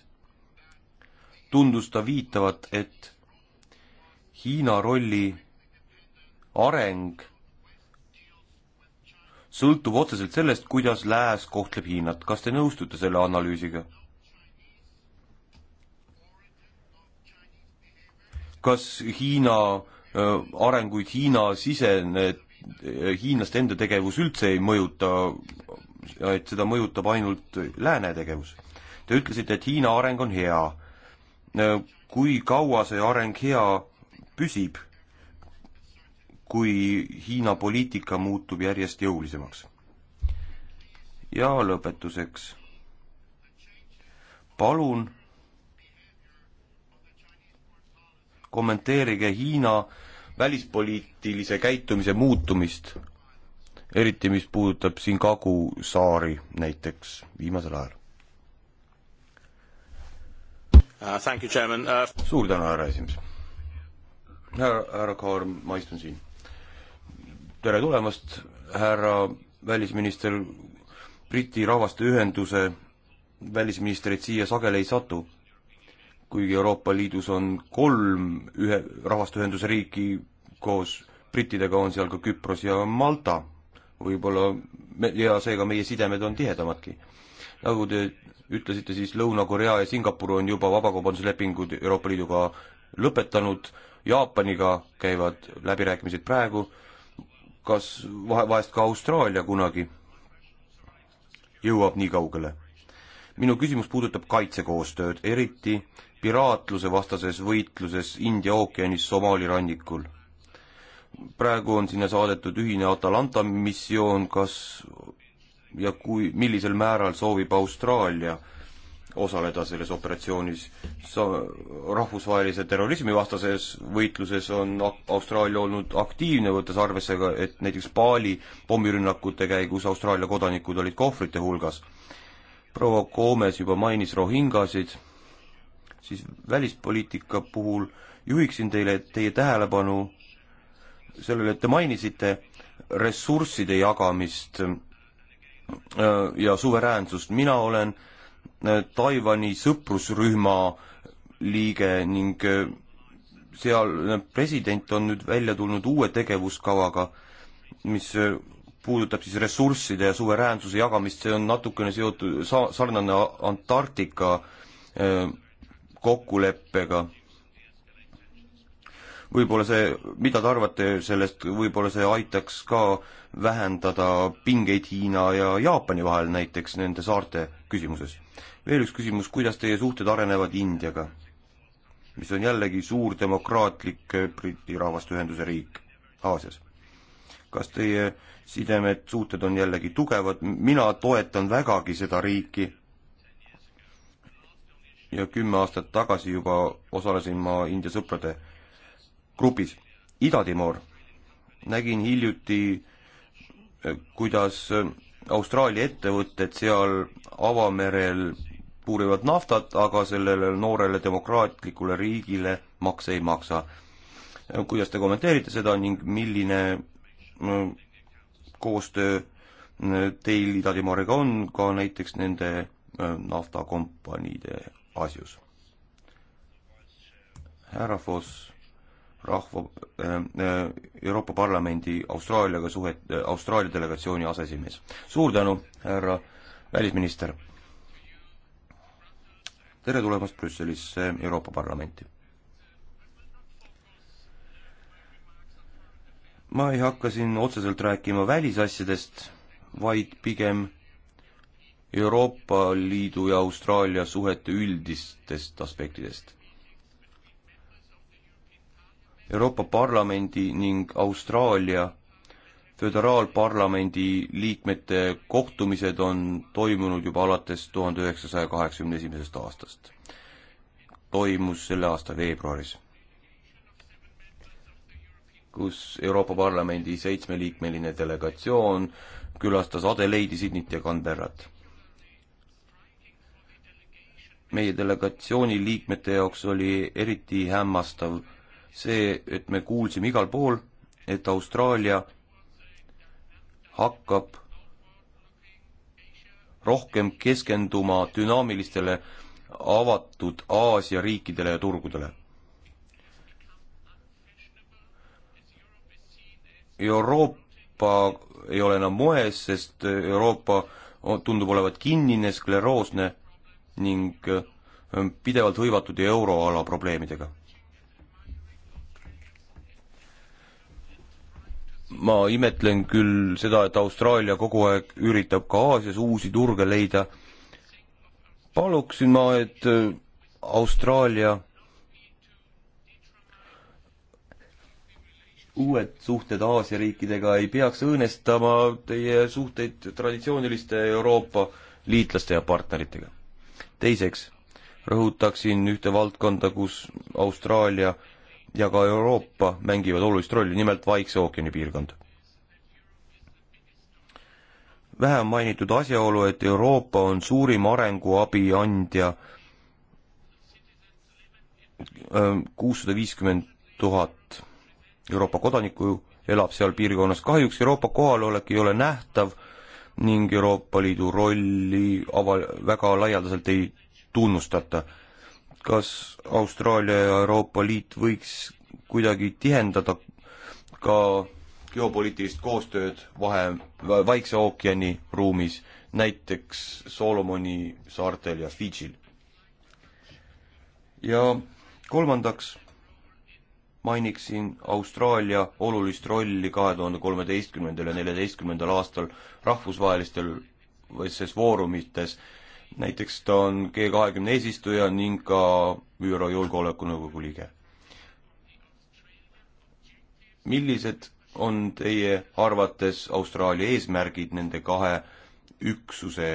tundus ta viitavat, et Hiina rolli areng sõltub otseselt sellest, kuidas Lääs kohtleb Hiinat. kas te nõustute selle analüüsiga? kas Hiina arenguid Hiina sisene, hiinlaste enda tegevus üldse ei mõjuta, et seda mõjutab ainult lääne tegevus? Te ütlesite, et Hiina areng on hea. kui kaua see areng hea püsib? kui Hiina poliitika muutub järjest jõulisemaks. ja lõpetuseks. palun kommenteerige Hiina välispoliitilise käitumise muutumist, eriti mis puudutab siin Kagu-saari näiteks viimasel ajal. Uh, thank you, Chairman. Uh... suur tänu, härra esimees. härra, härra Kaar, ma istun siin tere tulemast, härra välisminister, Briti Rahvaste Ühenduse välisministreid siia sageli ei satu, kuigi Euroopa Liidus on kolm ühe, rahvaste ühenduse riiki koos brittidega on seal ka Küpros ja Malta. võib-olla me, ja seega meie sidemed on tihedamadki. nagu te ütlesite, siis Lõuna-Korea ja Singapur on juba vabakaubanduslepingud Euroopa Liiduga lõpetanud, Jaapaniga käivad läbirääkimised praegu kas vahe, vahest ka Austraalia kunagi jõuab nii kaugele. minu küsimus puudutab kaitsekoostööd, eriti piraatluse vastases võitluses India ookeanis Somaali rannikul. praegu on sinna saadetud ühine Atalanta missioon, kas ja kui, millisel määral soovib Austraalia osaleda selles operatsioonis. Sa-, rahvusvahelise terrorismivastases võitluses on Austraalia olnud aktiivne, võttes arvesse ka, et näiteks Bali pommirünnakute käigus Austraalia kodanikud olid ka ohvrite hulgas. proua Koomes juba mainis rohingasid, siis välispoliitika puhul juhiksin teile, teie tähelepanu sellele, et te mainisite ressursside jagamist äh, ja suveräänsust. mina olen Äh, Taiwan'i sõprusrühma liige ning äh, seal äh, president on nüüd välja tulnud uue tegevuskavaga, mis puudutab siis ressursside ja suveräänsuse jagamist, see on natukene seotud, sa-, sarnane Antarktika kokkuleppega. võib-olla see, mida te arvate sellest, võib-olla see aitaks ka vähendada pingeid Hiina ja Jaapani vahel näiteks nende saarte küsimuses veel üks küsimus, kuidas teie suhted arenevad Indiaga, mis on jällegi suur demokraatlik eh, Briti rahvaste ühenduse riik Aasias? kas teie sidemed, suhted on jällegi tugevad, mina toetan vägagi seda riiki ja kümme aastat tagasi juba osalesin ma India sõprade grupis. Ida-Timor, nägin hiljuti, eh, kuidas eh, Austraalia ettevõtted seal avamerel puurivad naftat, aga sellele noorele demokraatlikule riigile makse ei maksa. kuidas te kommenteerite seda ning milline mm, koostöö mm, teil Ida-Timoriga on ka näiteks nende mm, naftakompaniide asjus? härra Foss, rahva äh,, Euroopa Parlamendi Austraaliaga suhet äh,, Austraalia delegatsiooni aseesimees. suur tänu, härra välisminister tere tulemast Brüsselisse Euroopa Parlamenti. ma ei hakka siin otseselt rääkima välisasjadest, vaid pigem Euroopa Liidu ja Austraalia suhete üldistest aspektidest. Euroopa Parlamendi ning Austraalia föderaalparlamendi liikmete kohtumised on toimunud juba alates tuhande üheksasaja kaheksakümne esimesest aastast. toimus selle aasta veebruaris, kus Euroopa Parlamendi seitsmeliikmeline delegatsioon külastas Adelaidi, Sydneyt ja Canberrat. meie delegatsiooni liikmete jaoks oli eriti hämmastav see, et me kuulsime igal pool, et Austraalia hakkab rohkem keskenduma dünaamilistele avatud Aasia riikidele ja turgudele. Euroopa ei ole enam moes, sest Euroopa tundub olevat kinnine, skleroosne ning pidevalt hõivatud euroala probleemidega ma imetlen küll seda, et Austraalia kogu aeg üritab ka Aasias uusi turge leida. paluksin ma, et äh, Austraalia uued suhted Aasia riikidega ei peaks õõnestama teie suhteid traditsiooniliste Euroopa liitlaste ja partneritega. teiseks rõhutaksin ühte valdkonda, kus Austraalia äh, ja ka Euroopa mängivad olulist rolli, nimelt Vaikse ookeani piirkond. vähe on mainitud asjaolu, et Euroopa on suurim arenguabi andja, kuussada viiskümmend tuhat Euroopa kodanikku elab seal piirkonnas, kahjuks Euroopa kohalolek ei ole nähtav ning Euroopa Liidu rolli ava-, väga laialdaselt ei tunnustata kas Austraalia ja Euroopa Liit võiks kuidagi tihendada ka geopoliitilist koostööd vahe, Vaikse ookeani ruumis, näiteks Solomoni saartel ja Fidžil? ja kolmandaks mainiksin Austraalia olulist rolli kahe tuhande kolmeteistkümnendal ja neljateistkümnendal aastal rahvusvahelistel või siis foorumites, näiteks ta on G kahekümne eesistuja ning ka ÜRO Julgeolekunõukogu liige. millised on teie arvates Austraalia eesmärgid nende kahe üksuse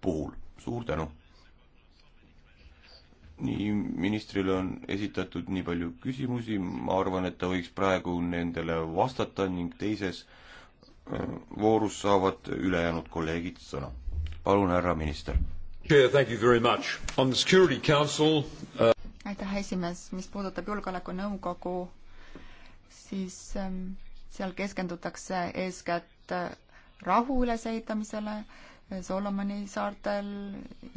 puhul? suur tänu! nii, ministrile on esitatud nii palju küsimusi, ma arvan, et ta võiks praegu nendele vastata ning teises äh, voorus saavad ülejäänud kolleegid sõna. palun, härra minister Uh, aitäh, esimees, mis puudutab Julgeolekunõukogu, siis ähm, seal keskendutakse eeskätt äh, rahu ülesehitamisele äh, Solomoni saartel,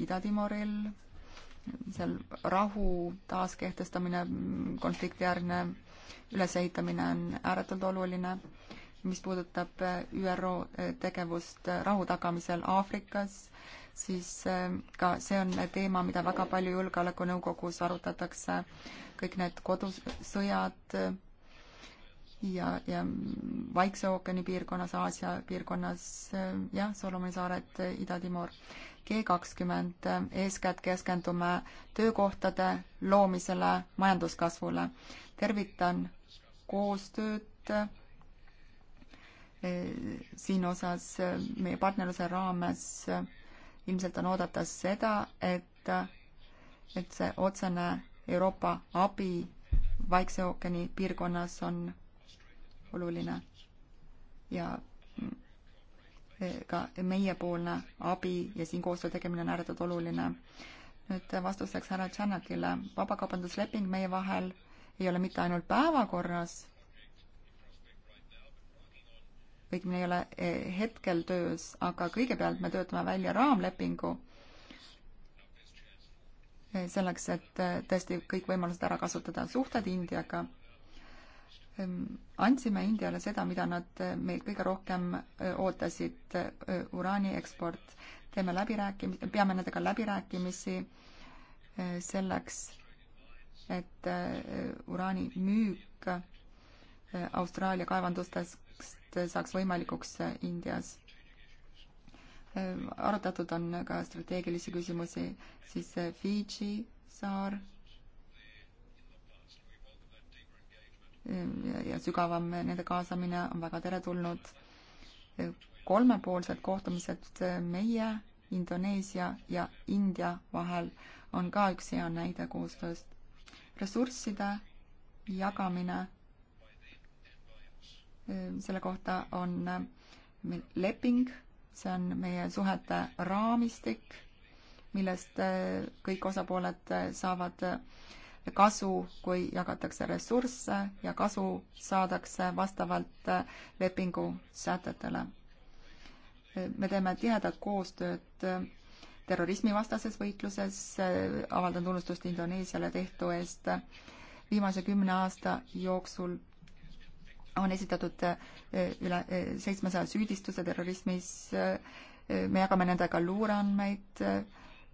Ida-Timoril, seal rahu taaskehtestamine, konfliktijärgne ülesehitamine on ääretult oluline mis puudutab äh, ÜRO tegevust rahu tagamisel Aafrikas, siis äh, ka see on teema, mida väga palju Julgeolekunõukogus arutatakse, kõik need kodusõjad äh, ja, ja Vaikse ookeani piirkonnas, Aasia piirkonnas, äh, jah, Solomoni saared, Ida-Timor. G kakskümmend, eeskätt keskendume töökohtade loomisele, majanduskasvule. tervitan koostööd siin osas meie partnerluse raames ilmselt on oodata seda, et, et see otsene Euroopa abi Vaikse ookeani piirkonnas on oluline ja mm, ka meiepoolne abi ja siin koostöö tegemine on ääretult oluline. nüüd vastuseks härra Tšernakile, vabakaubandusleping meie vahel ei ole mitte ainult päevakorras, õigemini ei ole eh, hetkel töös, aga kõigepealt me töötame välja raamlepingu eh, selleks, et eh, tõesti kõik võimalused ära kasutada, suhted Indiaga. Ehm, andsime Indiale seda, mida nad meilt kõige rohkem ootasid, uraani eksport. teeme läbirääkimisi, peame nendega läbirääkimisi selleks, et uraani müük Austraalia kaevandustest saaks võimalikuks Indias. arutatud on ka strateegilisi küsimusi, siis Fidži saar ja sügavam nende kaasamine on väga teretulnud. kolmepoolsed kohtumised meie, Indoneesia ja India vahel on ka üks hea näide koostööst. ressursside jagamine Ehm, selle kohta on äh, meil leping, see on meie suhete raamistik, millest äh, kõik osapooled äh, saavad kasu, kui jagatakse ressursse ja kasu saadakse vastavalt lepingu sätetele. Ehm, me teeme tihedat koostööd terrorismivastases võitluses, avaldan tunnustust Indoneesiale tehtu eest. viimase kümne aasta jooksul on esitatud eh, üle eh, seitsmesaja süüdistuse terrorismis, eh, me jagame nendega luureandmeid,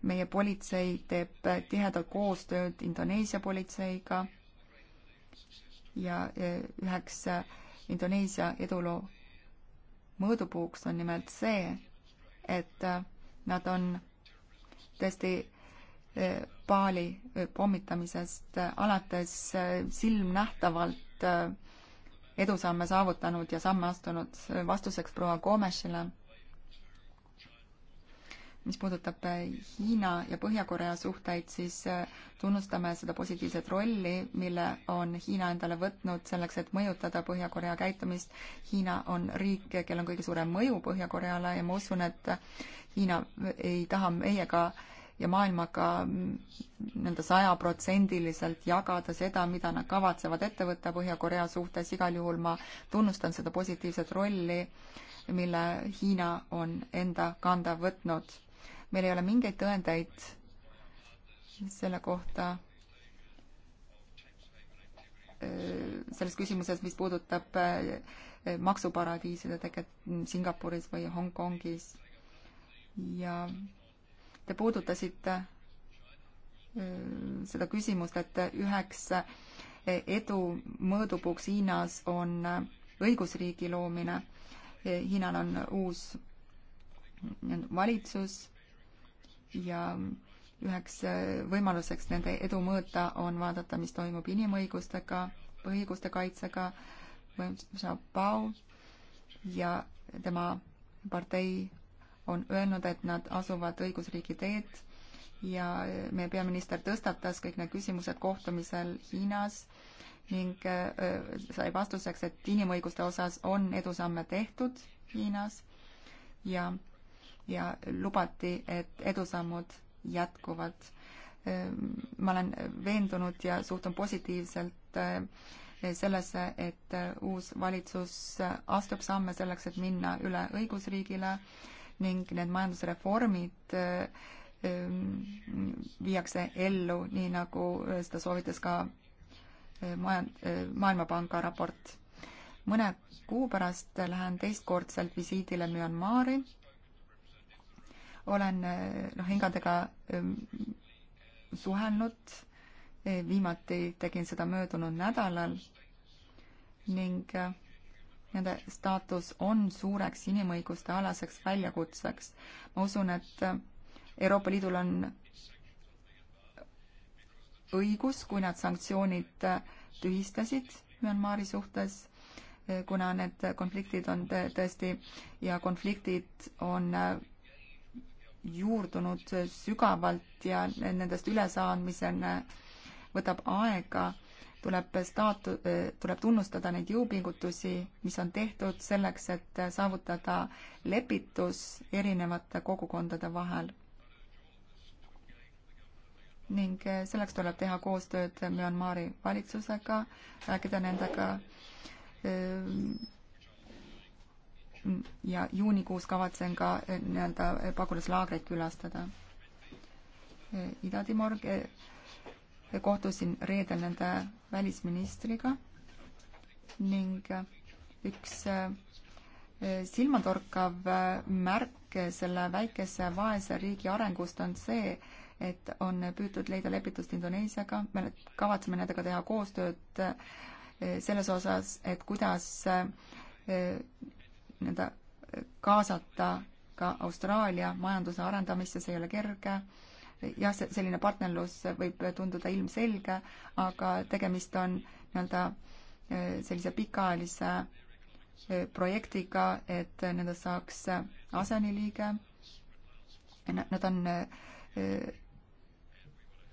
meie politsei teeb tihedat koostööd Indoneesia politseiga ja üheks Indoneesia eduloo mõõdupuuks on nimelt see, et nad on tõesti Paali pommitamisest alates silmnähtavalt edusamme saavutanud ja samme astunud. vastuseks proua Koomešile, mis puudutab Hiina ja Põhja-Korea suhteid, siis tunnustame seda positiivset rolli, mille on Hiina endale võtnud selleks, et mõjutada Põhja-Korea käitumist. Hiina on riik, kellel on kõige suurem mõju Põhja-Koreale ja ma usun, et Hiina ei taha meiega ja maailmaga nii-öelda sajaprotsendiliselt jagada seda, mida nad kavatsevad ette võtta Põhja-Korea suhtes, igal juhul ma tunnustan seda positiivset rolli, mille Hiina on enda kanda võtnud. meil ei ole mingeid tõendeid selle kohta, äh, selles küsimuses, mis puudutab äh, maksuparadiiside teket Singapuris või Hongkongis ja Te puudutasite seda küsimust, et üheks e, edu mõõdupuuks Hiinas on õigusriigi loomine. E, Hiinal on uus valitsus ja üheks e, võimaluseks nende edu mõõta on vaadata, mis toimub inimõigustega, põhiõiguste kaitsega, ja tema partei on öelnud, et nad asuvad õigusriigi teed ja meie peaminister tõstatas kõik need küsimused kohtumisel Hiinas ning äh, sai vastuseks, et inimõiguste osas on edusamme tehtud Hiinas ja, ja lubati, et edusammud jätkuvad. Äh, ma olen veendunud ja suhtun positiivselt äh, sellesse, et uus valitsus astub samme selleks, et minna üle õigusriigile ning need majandusreformid äh, viiakse ellu, nii nagu äh, seda soovitas ka äh, majand-, Maailmapanga raport. mõne kuu pärast lähen teistkordselt visiidile Myanmari, olen noh, hingadega ähm, suhelnud, viimati tegin seda möödunud nädalal ning nende staatus on suureks inimõiguste alaseks väljakutseks. ma usun, et Euroopa Liidul on õigus, kui nad sanktsioonid tühistasid Myanmari suhtes, kuna need konfliktid on tõesti ja konfliktid on juurdunud sügavalt ja nendest ülesaamisena võtab aega tuleb staatu-, tuleb tunnustada neid jõupingutusi, mis on tehtud selleks, et saavutada lepitus erinevate kogukondade vahel. ning selleks tuleb teha koostööd Myanmari valitsusega, rääkida nendega ja juunikuus kavatsen ka eh, nii-öelda pagulaslaagreid külastada. Eh, Ida-Timor eh, kohtusin reedel nende välisministriga ning üks äh, silmatorkav äh, märk selle väikese vaese riigi arengust on see, et on püütud leida lepitust Indoneesiaga, me kavatseme nendega teha koostööd äh, selles osas, et kuidas nii-öelda kaasata ka Austraalia majanduse arendamisse, see ei ole kerge jah, selline partnerlus võib tunduda ilmselge, aga tegemist on nii-öelda äh, sellise pikaajalise äh, projektiga, et nendest saaks aseniliige. Nad on äh,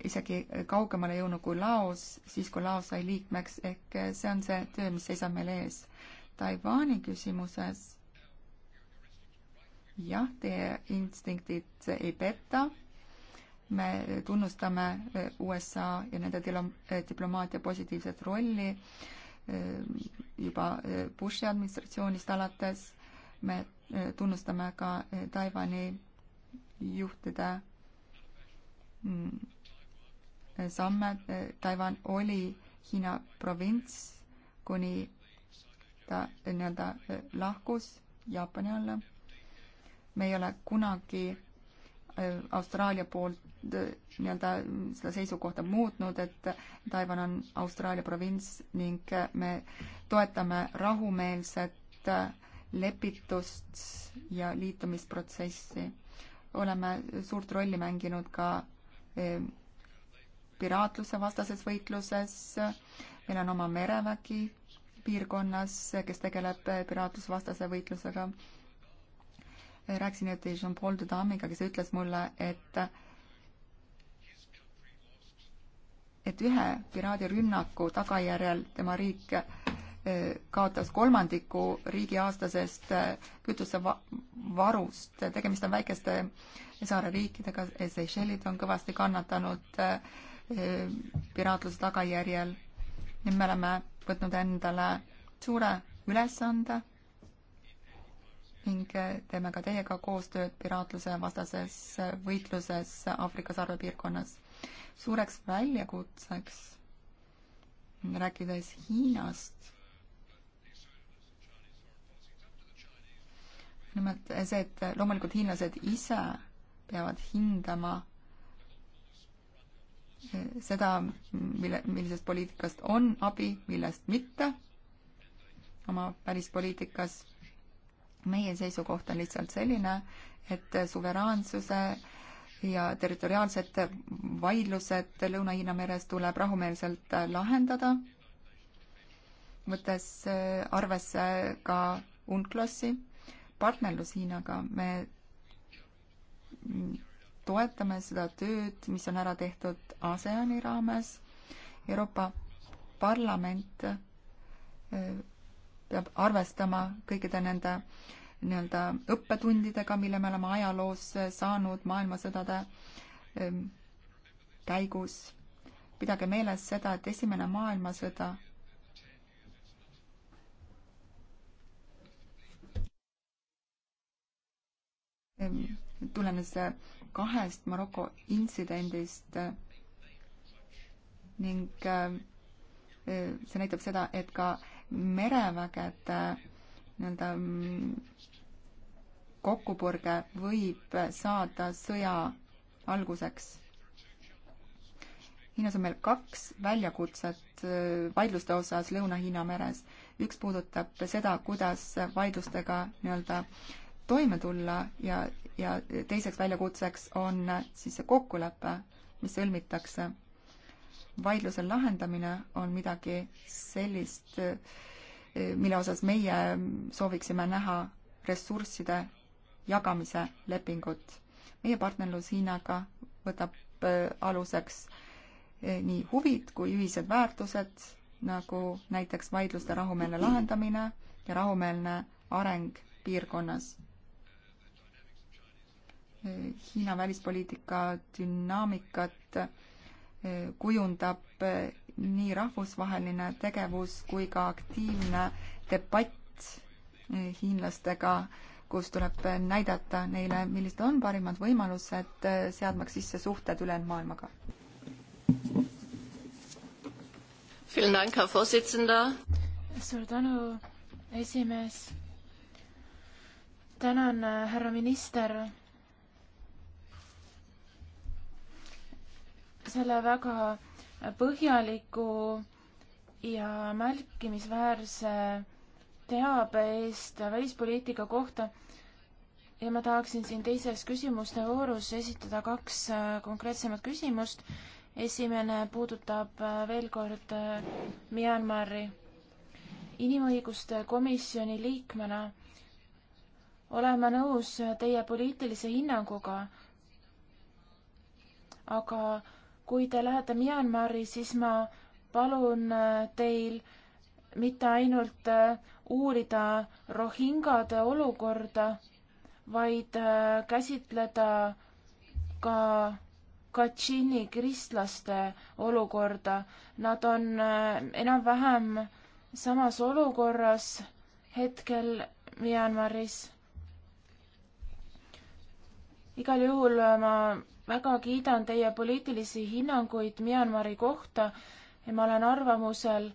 isegi kaugemale jõudnud kui Laos, siis kui Laos sai liikmeks, ehk see on see töö, mis seisab meil ees. Taiwan'i küsimuses jah, teie instinktid ei peta me tunnustame eh, USA ja nende eh, diplomaatia positiivset rolli eh, juba Bushi administratsioonist alates. me tunnustame ka Taiwan'i juhtide mm, samme. Taiwan oli Hiina provints, kuni ta nii-öelda lahkus Jaapani alla. me ei ole kunagi Austraalia poolt nii-öelda seda seisukohta muutnud, et Taiwan on Austraalia provints ning me toetame rahumeelset lepitust ja liitumisprotsessi. oleme suurt rolli mänginud ka eh, piraatluse vastases võitluses, meil on oma merevägi piirkonnas, kes tegeleb eh, piraatlusvastase võitlusega. Eh, rääkisin nüüd Jean-Paul Dudamiga, kes ütles mulle, et et ühe piraadirünnaku tagajärjel tema riik äh, kaotas kolmandiku riigi aastasest äh, kütusevarust. tegemist on väikeste saare riikidega, Seychellid on kõvasti kannatanud äh, piraatluse tagajärjel. nüüd me oleme võtnud endale suure ülesande ning teeme ka teiega koostööd piraatluse vastases võitluses Aafrika sarve piirkonnas suureks väljakutseks, rääkides Hiinast, nimelt see, et loomulikult hiinlased ise peavad hindama eh, seda, mille, millisest poliitikast on abi, millest mitte oma välispoliitikas. meie seisukoht on lihtsalt selline, et suveräänsuse ja territoriaalsed vaidlused Lõuna-Hiina meres tuleb rahumeelselt lahendada, võttes äh, arvesse ka UNCLOS-i, partnerlus Hiinaga, me toetame seda tööd, mis on ära tehtud ASEAN-i raames, Euroopa Parlament äh, peab arvestama kõikide nende äh, nii-öelda õppetundidega, mille me oleme ajaloos saanud maailmasõdade ehm, käigus. pidage meeles seda, et Esimene maailmasõda ehm, tulenes kahest Maroko intsidendist ning ehm, see näitab seda, et ka merevägede nii-öelda mm, kokkupõrge võib saada sõja alguseks. Hiinas on meil kaks väljakutset äh, vaidluste osas Lõuna-Hiina meres. üks puudutab seda, kuidas vaidlustega nii-öelda toime tulla ja, ja teiseks väljakutseks on siis see kokkulepe, mis sõlmitakse. vaidluse lahendamine on midagi sellist äh,, mille osas meie sooviksime näha ressursside jagamise lepingut. meie partnerlus Hiinaga võtab äh, aluseks äh, nii huvid kui ühised väärtused, nagu näiteks vaidluste rahumeelne lahendamine ja rahumeelne areng piirkonnas äh, Hiina välispoliitika dünaamikat kujundab eh, nii rahvusvaheline tegevus kui ka aktiivne debatt eh, hiinlastega, kus tuleb eh, näidata neile, millised on parimad võimalused, seadmaks sisse suhted ülejäänud maailmaga. suur tänu, esimees. tänan, härra minister selle väga põhjaliku ja märkimisväärse teabe eest välispoliitika kohta ja ma tahaksin siin teises küsimuste voorus esitada kaks äh, konkreetsemat küsimust. esimene puudutab äh, veel kord äh, Myanmari. inimõiguste komisjoni liikmena olen ma nõus teie poliitilise hinnanguga, aga kui te lähete Myanmari, siis ma palun äh, teil mitte ainult äh, uurida rohingade olukorda, vaid äh, käsitleda ka Katšini kristlaste olukorda. Nad on enam-vähem samas olukorras hetkel Myanmaris. igal juhul ma väga kiidan teie poliitilisi hinnanguid Myanmari kohta ja ma olen arvamusel,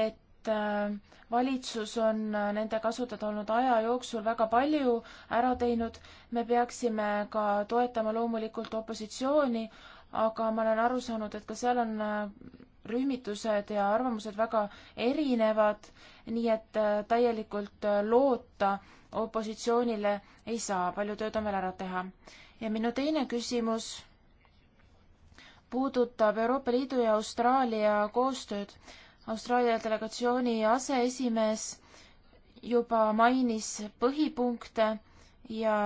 et äh, valitsus on äh, nende kasutada olnud aja jooksul väga palju ära teinud. me peaksime ka toetama loomulikult opositsiooni, aga ma olen aru saanud, et ka seal on äh, rühmitused ja arvamused väga erinevad, nii et täielikult loota opositsioonile ei saa, palju tööd on veel ära teha ja minu teine küsimus puudutab Euroopa Liidu ja Austraalia koostööd. Austraalia delegatsiooni aseesimees juba mainis põhipunkte ja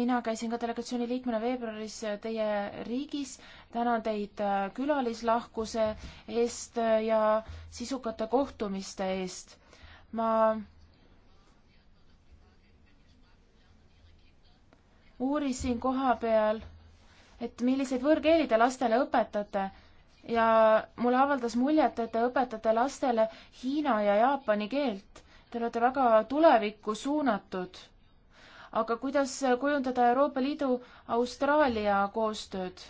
mina käisin ka delegatsiooni liikmena veebruaris teie riigis. tänan teid äh, külalislahkuse eest äh, ja sisukate kohtumiste eest. ma uurisin koha peal, et milliseid võõrkeeli te lastele õpetate ja mulle avaldas muljet, et te õpetate lastele hiina ja jaapani keelt. Te olete väga tulevikku suunatud. aga kuidas kujundada Euroopa Liidu Austraalia koostööd?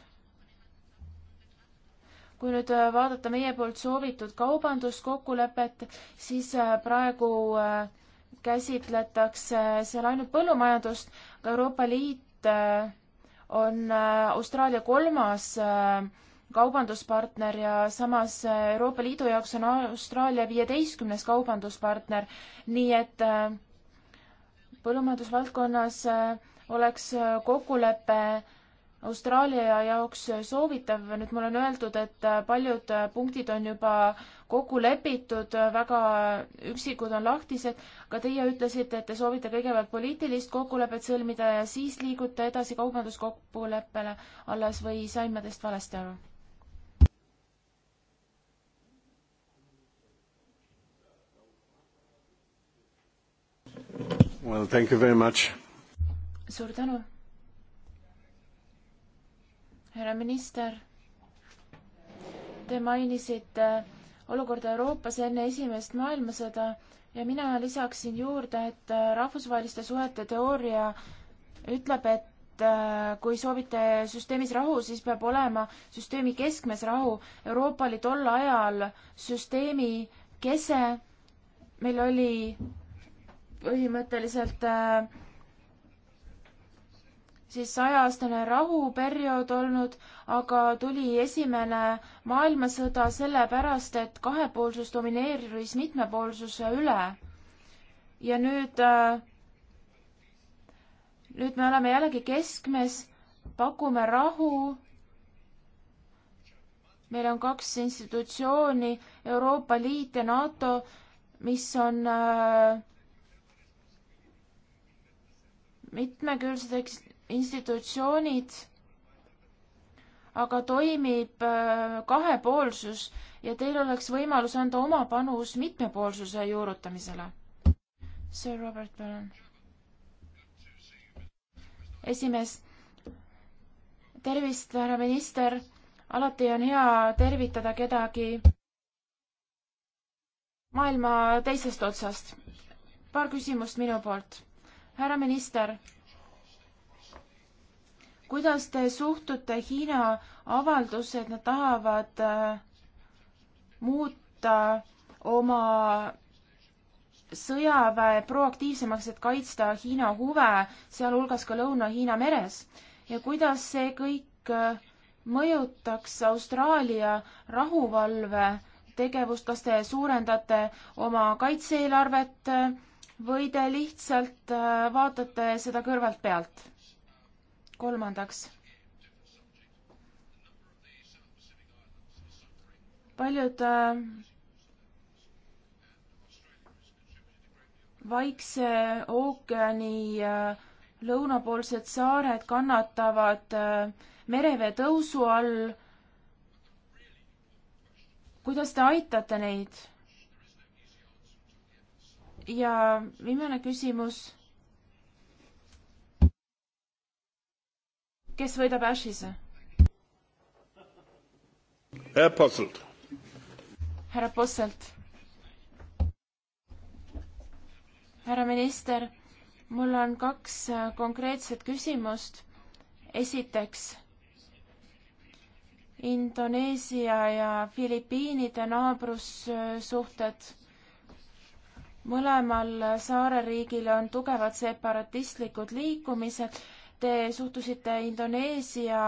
kui nüüd vaadata meie poolt soovitud kaubanduskokkulepet, siis praegu äh, käsitletakse seal ainult põllumajandust, aga Euroopa Liit äh, on äh, Austraalia kolmas äh, kaubanduspartner ja samas Euroopa Liidu jaoks on Austraalia viieteistkümnes kaubanduspartner, nii et põllumajandusvaldkonnas oleks kokkulepe Austraalia jaoks soovitav, nüüd mulle on öeldud, et paljud punktid on juba kokku lepitud, väga üksikud on lahtised, aga teie ütlesite, et te soovite kõigepealt poliitilist kokkulepet sõlmida ja siis liigute edasi kaubanduskokkuleppele alles või sain ma teist valesti aru? Well, thank you very much. suur tänu härra minister, te mainisite olukorda Euroopas enne esimest maailmasõda ja mina lisaksin juurde, et äh, rahvusvaheliste suhete teooria ütleb, et äh, kui soovite süsteemis rahu, siis peab olema süsteemi keskmes rahu. Euroopa oli tol ajal süsteemi kese, meil oli põhimõtteliselt äh, siis sajaaastane rahuperiood olnud, aga tuli esimene maailmasõda sellepärast, et kahepoolsus domineeris mitmepoolsuse üle. ja nüüd, äh, nüüd me oleme jällegi keskmes, pakume rahu. meil on kaks institutsiooni, Euroopa Liit ja NATO, mis on äh, mitmekülgsed eks-, institutsioonid, aga toimib äh, kahepoolsus ja teil oleks võimalus anda oma panus mitmepoolsuse juurutamisele. Sir Robert, palun. esimees, tervist, härra minister. alati on hea tervitada kedagi maailma teisest otsast. paar küsimust minu poolt. härra minister kuidas te suhtute Hiina avaldusse, et nad tahavad äh, muuta oma sõjaväe proaktiivsemaks, et kaitsta Hiina huve, sealhulgas ka Lõuna-Hiina meres. ja kuidas see kõik äh, mõjutaks Austraalia rahuvalve tegevust, kas te suurendate oma kaitse-eelarvet äh, või te lihtsalt vaatate seda kõrvalt pealt? kolmandaks, paljud äh, Vaikse ookeani äh, lõunapoolsed saared kannatavad äh, merevee tõusu all. kuidas te aitate neid? ja viimane küsimus kes võidab Ashise? härra Posselt. härra Posselt. härra minister, mul on kaks äh, konkreetset küsimust. esiteks Indoneesia ja Filipiinide naabrussuhted. mõlemal saareriigil on tugevad separatistlikud liikumised Te suhtusite Indoneesia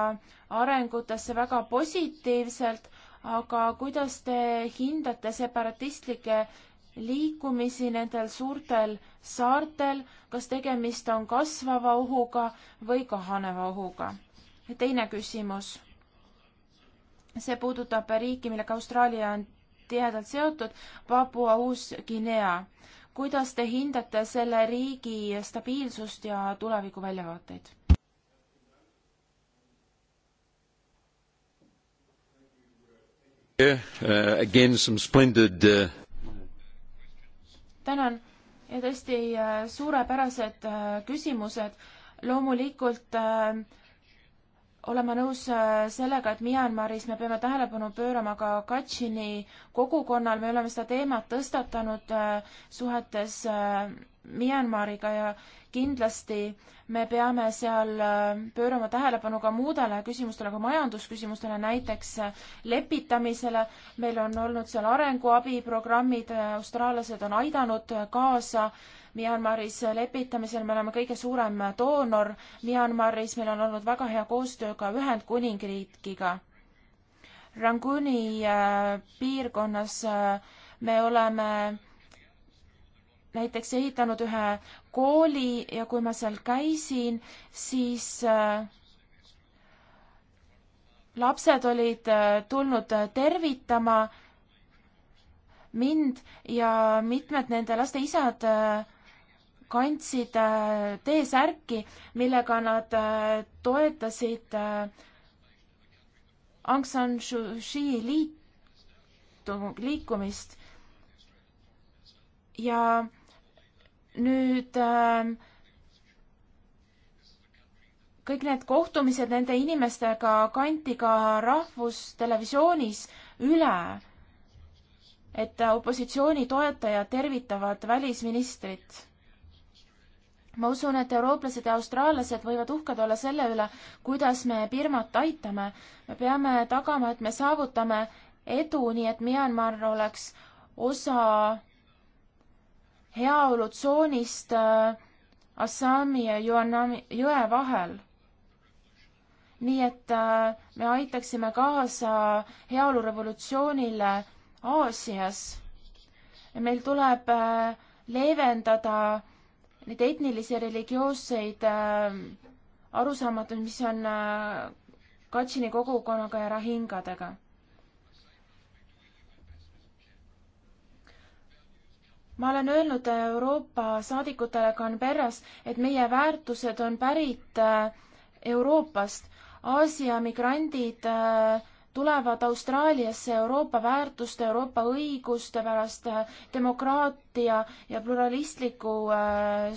arengutesse väga positiivselt, aga kuidas te hindate separatistlikke liikumisi nendel suurtel saartel, kas tegemist on kasvava ohuga või kahaneva ohuga? ja teine küsimus. see puudutab riiki, millega Austraalia on tihedalt seotud, Papua Uus-Guinea. kuidas te hindate selle riigi stabiilsust ja tuleviku väljavaateid? Uh, uh, tänan ja tõesti uh, suurepärased küsimused. loomulikult olen ma nõus sellega, et Myanmaris me peame tähelepanu pöörama ka Katšini kogukonnal, me oleme seda teemat tõstatanud suhetes Myanmariga ja kindlasti me peame seal äh, pöörama tähelepanu ka muudele küsimustele, ka majandusküsimustele, näiteks äh, lepitamisele. meil on olnud seal arenguabiprogrammid, äh, austraallased on aidanud kaasa Myanmaris lepitamisel, me oleme kõige suurem doonor Myanmaris, meil on olnud väga hea koostöö ka Ühendkuningriigiga. Ranguni piirkonnas me oleme näiteks ehitanud ühe kooli ja kui ma seal käisin, siis äh, lapsed olid äh, tulnud äh, tervitama mind ja mitmed nende laste isad kandsid T-särki, millega nad toetasid Aung San Suu Kyi liitu, liikumist ja nüüd ähm, kõik need kohtumised nende inimestega kanti ka rahvustelevisioonis üle, et opositsiooni toetajad tervitavad välisministrit. ma usun, et eurooplased ja austraallased võivad uhked olla selle üle, kuidas me Birmat aitame. me peame tagama, et me saavutame edu, nii et Myanmar oleks osa heaolutsoonist äh, Assami ja Joanami jõe vahel. nii et äh, me aitaksime kaasa heaolurevolutsioonile Aasias. meil tuleb äh, leevendada neid etnilisi ja religioosseid arusaamatuid, mis on Katšini kogukonnaga ja rahingadega ma olen öelnud äh, Euroopa saadikutele Canberras, et meie väärtused on pärit äh, Euroopast. Aasia migrandid äh, tulevad Austraaliasse Euroopa väärtuste, Euroopa õiguste pärast, demokraatia ja pluralistliku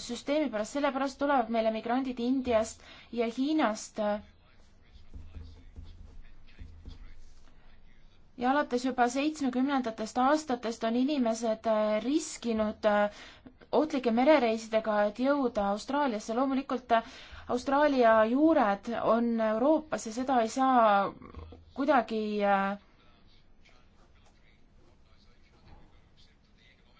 süsteemi pärast, sellepärast tulevad meile migrandid Indiast ja Hiinast ja alates juba seitsmekümnendatest aastatest on inimesed äh, riskinud äh, ohtlike merereisidega, et jõuda Austraaliasse. loomulikult äh, Austraalia juured on Euroopas ja seda ei saa kuidagi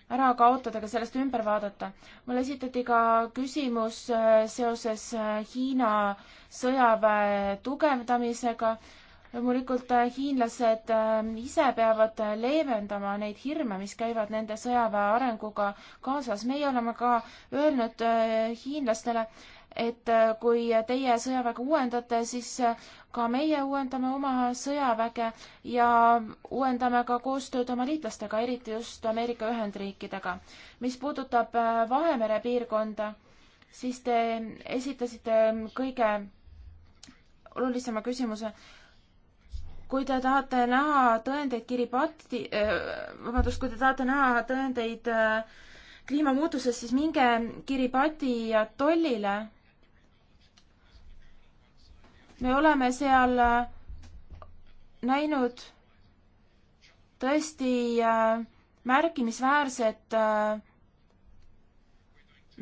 ära kaotada, ka sellest ümber vaadata. mulle esitati ka küsimus seoses Hiina sõjaväe tugevdamisega loomulikult äh, hiinlased äh, ise peavad äh, leevendama neid hirme, mis käivad nende sõjaväe arenguga kaasas. meie oleme ka öelnud hiinlastele, et kui teie sõjaväge uuendate, siis ka meie uuendame oma sõjaväge ja uuendame ka koostööd oma liitlastega, eriti just Ameerika Ühendriikidega. mis puudutab Vahemere piirkonda, siis te esitasite kõige olulisema küsimuse kui te tahate näha tõendeid Kiribati äh,, vabandust, kui te tahate näha tõendeid äh, kliimamuutusest, siis minge Kiribati tollile. me oleme seal äh, näinud tõesti äh, märkimisväärset äh,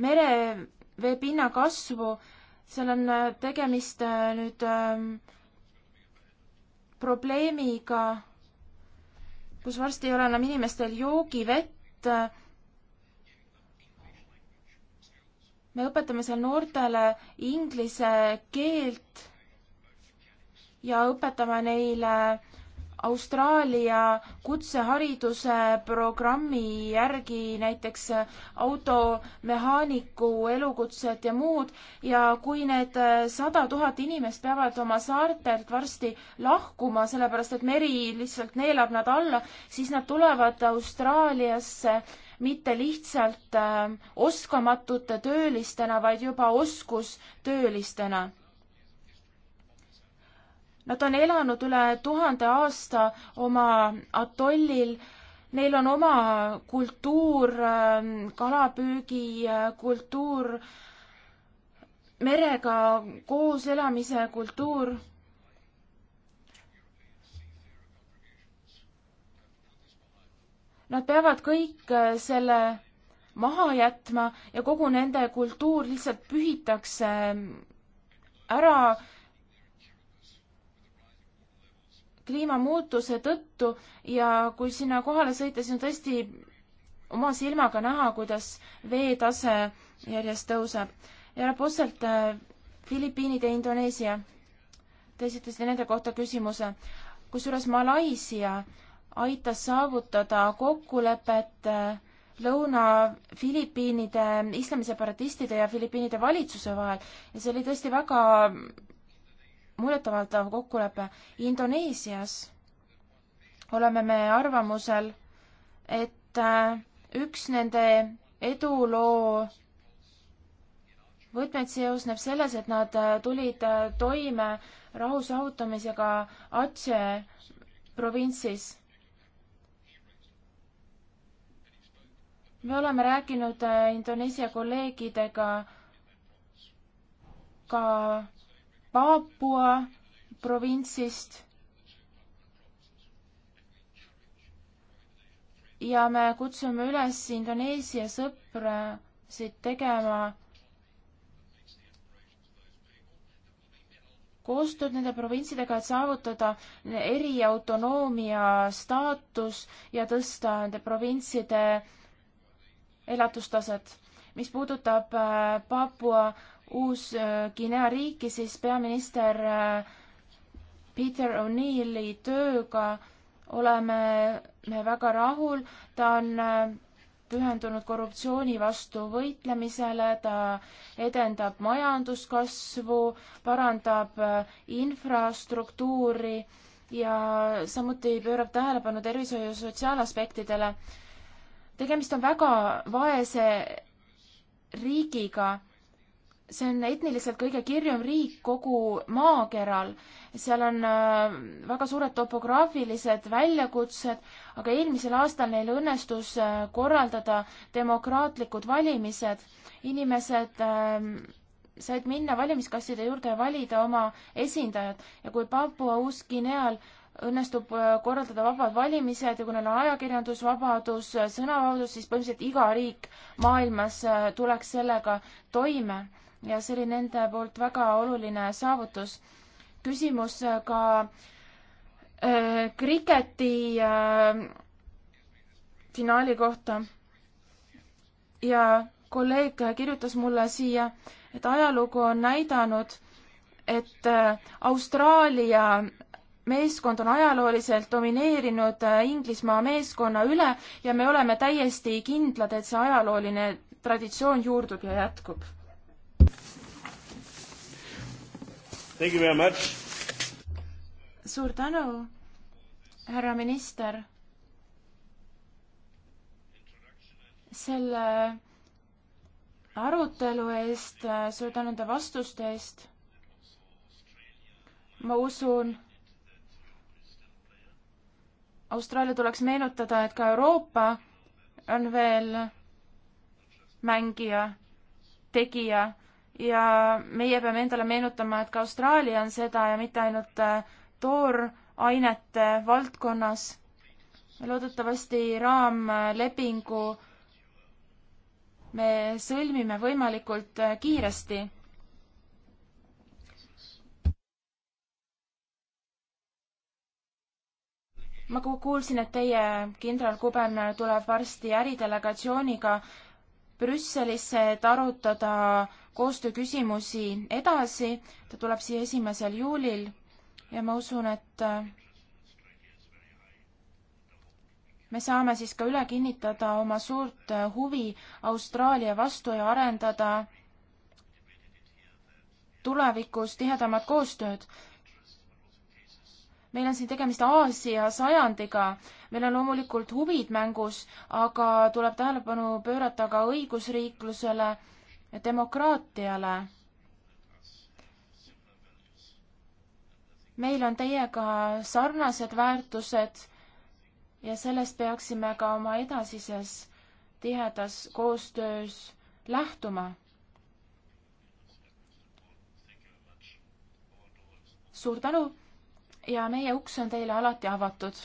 merevee pinna kasvu. seal on äh, tegemist äh, nüüd äh, probleemiga, kus varsti ei ole enam inimestel joogivett. me õpetame seal noortele inglise keelt ja õpetame neile Austraalia kutsehariduse programmi järgi näiteks automehaaniku elukutset ja muud ja kui need sada tuhat inimest peavad oma saartelt varsti lahkuma, sellepärast et meri lihtsalt neelab nad alla, siis nad tulevad Austraaliasse mitte lihtsalt äh, oskamatute töölistena, vaid juba oskustöölistena Nad on elanud üle tuhande aasta oma atollil, neil on oma kultuur, ähm, kalapüügikultuur, äh, merega koos elamise kultuur nad peavad kõik äh, selle maha jätma ja kogu nende kultuur lihtsalt pühitakse ähm, ära kliimamuutuse tõttu ja kui sinna kohale sõita, siis on tõesti oma silmaga näha, kuidas veetase järjest tõuseb. ja Raposselt äh, Filipiinid ja Indoneesia. Te esitasite nende kohta küsimuse. kusjuures Malaisia aitas saavutada kokkulepet äh, Lõuna-Filipiinide islamiseparatistide ja Filipiinide valitsuse vahel ja see oli tõesti väga muljetavaldav kokkulepe. Indoneesias oleme me arvamusel, et äh, üks nende eduloo võtmed seosneb selles, et nad äh, tulid äh, toime rahu saavutamisega Aceh provintsis. me oleme rääkinud Indoneesia kolleegidega ka Paapua provintsist. ja me kutsume üles Indoneesia sõprasid tegema koostööd nende provintsidega, et saavutada eriautonoomia staatus ja tõsta nende provintside elatustaset. mis puudutab äh, Papua Uus-Guinea äh, riiki, siis peaminister äh, Peter O'Neilli tööga oleme me väga rahul, ta on äh, pühendunud korruptsiooni vastu võitlemisele, ta edendab majanduskasvu, parandab infrastruktuuri ja samuti pöörab tähelepanu tervishoiu sotsiaalaspektidele. tegemist on väga vaese riigiga see on etniliselt kõige kirjum riik kogu maakeral. seal on äh, väga suured topograafilised väljakutsed, aga eelmisel aastal neil õnnestus äh, korraldada demokraatlikud valimised. inimesed äh, said minna valimiskastide juurde ja valida oma esindajad ja kui Papua Uus-Guineal õnnestub korraldada vabad valimised ja kui neil on ajakirjandusvabadus, sõnavabadus, siis põhimõtteliselt iga riik maailmas tuleks sellega toime ja see oli nende poolt väga oluline saavutus. küsimus äh, ka äh, kriketi äh, finaali kohta. ja kolleeg kirjutas mulle siia, et ajalugu on näidanud, et äh, Austraalia meeskond on ajalooliselt domineerinud äh, Inglismaa meeskonna üle ja me oleme täiesti kindlad, et see ajalooline traditsioon juurdub ja jätkub Thank you very much. suur tänu, härra minister, selle arutelu eest, suur tänu nende vastuste eest. ma usun, Austraalia tuleks meenutada, et ka Euroopa on veel mängija, tegija ja meie peame endale meenutama, et ka Austraalia on seda ja mitte ainult äh, toorainete valdkonnas. loodetavasti raamlepingu me sõlmime võimalikult äh, kiiresti ma kuulsin, et teie kindralkuberner äh, tuleb varsti äridelegatsiooniga Brüsselisse, et arutada koostööküsimusi edasi. ta tuleb siia esimesel juulil ja ma usun, et äh, me saame siis ka üle kinnitada oma suurt äh, huvi Austraalia vastu ja arendada tulevikus tihedamat koostööd meil on siin tegemist Aasia sajandiga, meil on loomulikult huvid mängus, aga tuleb tähelepanu pöörata ka õigusriiklusele ja demokraatiale. meil on teiega sarnased väärtused ja sellest peaksime ka oma edasises tihedas koostöös lähtuma. suur tänu ja meie uks on teile alati avatud.